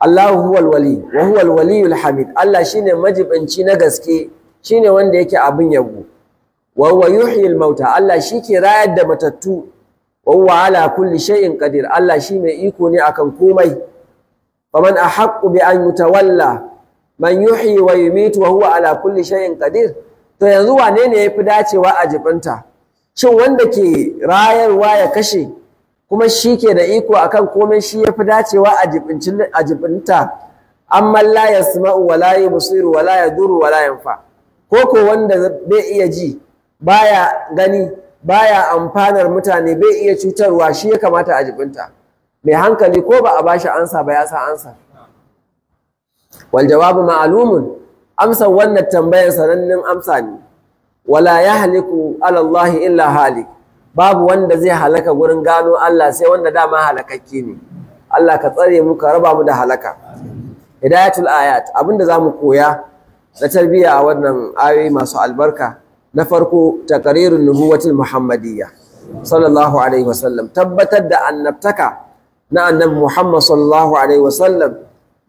Allah huwal wali wa huwal waliyul hamid Allah shine majibanci na gaske shine wanda yake abin yabo wa huwa yuhyil mauta Allah shi ke rayar da matattu wa ala kulli shay'in qadir Allah shi mai iko ne akan komai faman ahaqqu bi an yutawalla man yuhyi wa yumitu wa huwa ala kulli shay'in qadir to yanzu wane ne yafi dacewa a jibinta shin wanda ke rayarwa ya kashe kuma shi ke da iko akan komai shi yafi dacewa a jibinta amma la yasma'u wa la yubsiru wa la yaduru wa la yanfa ko ko wanda bai iya ji baya gani baya amfanar mutane bai iya cutarwa shi ya kamata a jibinta mai hankali ko ba a bashi ansa ba ya sa ansa wal jawabu ma'lumun amsa wannan tambayar sanannin amsa ne wala yahliku ala Allah illa halik babu wanda zai halaka gurin gano Allah sai wanda dama halakakke ne Allah ka tsare mu ka raba mu da halaka hidayatul ayat abinda zamu koya na tarbiyya a wannan ayoyi masu albarka na farko taqrirun nubuwatin muhammadiyya sallallahu alaihi wasallam tabbatar da annabtaka na annabi muhammad sallallahu alaihi wasallam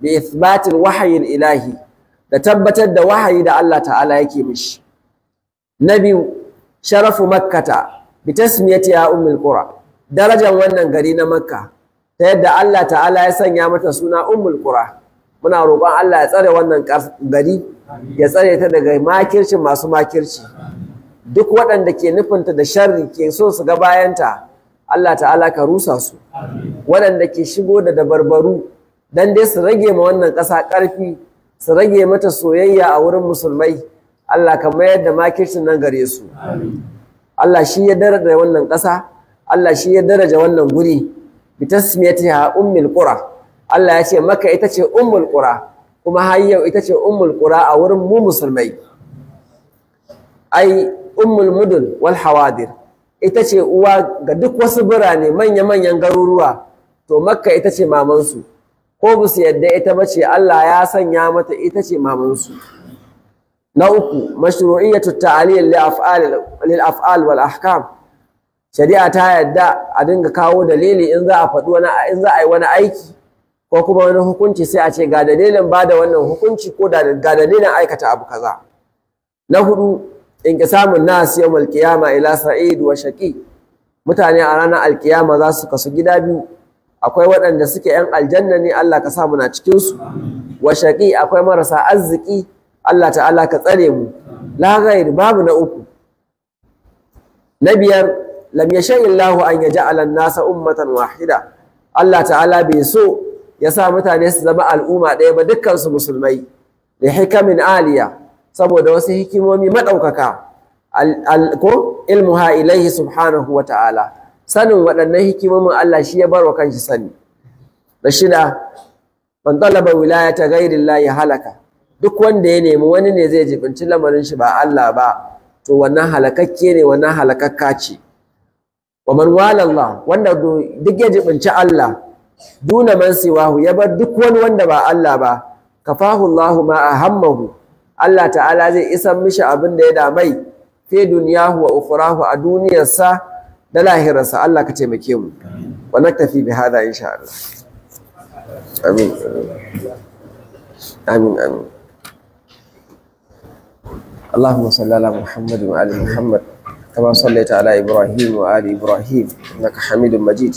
bi ithbatil wahayin ilahi da tabbatar da wahayi da Allah ta'ala yake mishi na biyu sharafu makkata bi ya ummul qura darajar wannan gari na makka ta yadda Allah ta'ala ya sanya mata suna ummul qura muna roƙon Allah ya tsare wannan gari ya tsare ta daga makirci masu makirci duk waɗanda ke nufinta da sharri ke so su ga bayanta Allah ta'ala ka rusa su waɗanda ke shigo da dabarbaru dan dai su rage ma wannan ƙasa ƙarfi su rage mata soyayya a wurin musulmai Allah ka mayar da makircin nan gare su Allah shi ya daraja wannan ƙasa Allah shi ya daraja wannan guri bi tasmiyatiha ummul qura Allah ya ce maka ita ce ummul kuma har ita ce ummul qura a wurin mu musulmai ai ummul mudun wal hawadir ita ce uwa ga duk wasu birane manya-manyan garuruwa to makka ita ce mamansu ko bu su yadda ita bace Allah ya sanya mata ita ce mamansu na uku mashru'iyyatu ta'alil li af'al lil af'al wal ahkam shari'a ta yadda a dinga kawo dalili in za a faɗi wani in za a yi wani aiki ko kuma wani hukunci sai a ce ga dalilin bada wannan hukunci ko ga dalilin aikata abu kaza na hudu In samu nas yawm alqiyama ila sa'id wa shaqi mutane a ranar alkiyama za su kasu gida biyu akwai waɗanda suke yan aljanna ne Allah ka samu na cikin su wa shaqi akwai marasa arziki Allah ta'ala ka tsare mu la ghair babu na uku na biyar lam yasha illahu an yaj'ala an-nasa ummatan wahida Allah ta'ala bai so ya sa mutane su zama al'umma ɗaya ba dukkan su musulmai li hikamin aliya saboda wasu hikimomi maɗaukaka ko ha ilaihi subhanahu wa ta'ala sanin waɗannan hikimomin Allah shi ya bar wa kanshi sani da shida man talaba wilayata ghairillahi halaka duk wanda ya nemi wani ne zai jibinci lamarin shi ba Allah ba to wannan halakakke ne wannan halakakka ce wa man wanda duk ya jibinci Allah duna man siwahu ya bar duk wani wanda ba Allah ba kafahu Allah ma ahammahu Allah ta'ala zai isan mishi abin da ya damai fi duniyahu wa ukhrahu a duniyarsa da lahirarsa Allah ka taimake mu wa naktafi bi hada insha Allah amin amin amin اللهم صل على محمد وعلى محمد كما صليت على إبراهيم وآل إبراهيم إنك حميد مجيد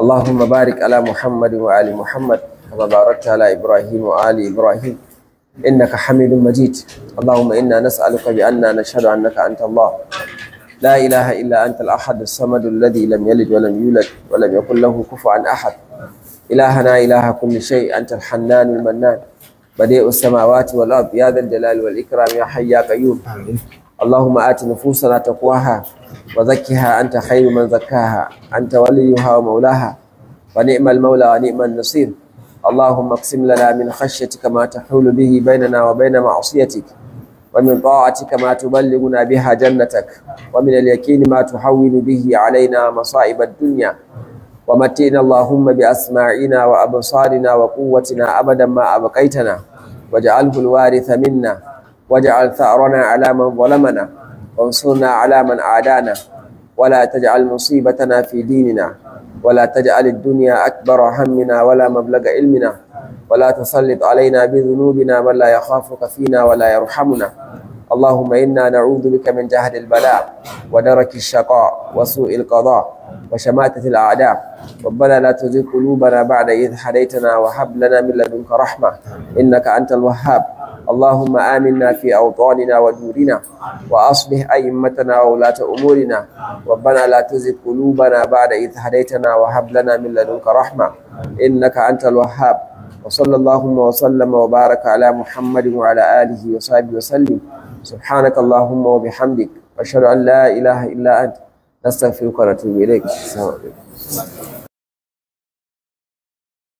اللهم بارك على محمد وآل محمد كما باركت على إبراهيم وآل إبراهيم innaka hamidun majid allahumma inna nas'aluka bi anna nashhadu annaka anta allah la ilaha illa anta al ahad as samad alladhi lam yalid wa lam yulad wa lam yakul lahu kufuwan ahad na ilaha kulli shay anta al hanan al mannan badi'u samawati wal ard ya dhal jalali wal ikram ya hayy ya qayyum اللهم آت نفوسنا تقواها وزكها أنت خير من زكاها أنت وليها ومولاها ونعم المولى ونعم النصير اللهم اقسم لنا من خشيتك ما تحول به بيننا وبين معصيتك ومن طاعتك ما تبلغنا بها جنتك ومن اليقين ما تحول به علينا مصائب الدنيا ومتئنا اللهم بأسماعنا وأبصارنا وقوتنا أبدا ما أبقيتنا واجعله الوارث منا واجعل ثأرنا على من ظلمنا وانصرنا على من عادانا ولا تجعل مصيبتنا في ديننا ولا تجعل الدنيا أكبر همنا ولا مبلغ علمنا ولا تسلط علينا بذنوبنا من لا يخافك فينا ولا يرحمنا اللهم إنا نعوذ بك من جهد البلاء ودرك الشقاء وسوء القضاء وشماتة الأعداء ربنا لا تزغ قلوبنا بعد إذ هديتنا وهب لنا من لدنك رحمة إنك أنت الوهاب اللهم آمنا في أوطاننا ودورنا وأصلح أئمتنا وولاة أمورنا ربنا لا تزغ قلوبنا بعد إذ هديتنا وهب لنا من لدنك رحمة إنك أنت الوهاب وصلى اللهم وسلم وبارك على محمد وعلى آله وصحبه وسلم سبحانك اللهم وبحمدك أشهد أن لا إله إلا أنت نستغفرك ونتوب إليك السلام عليكم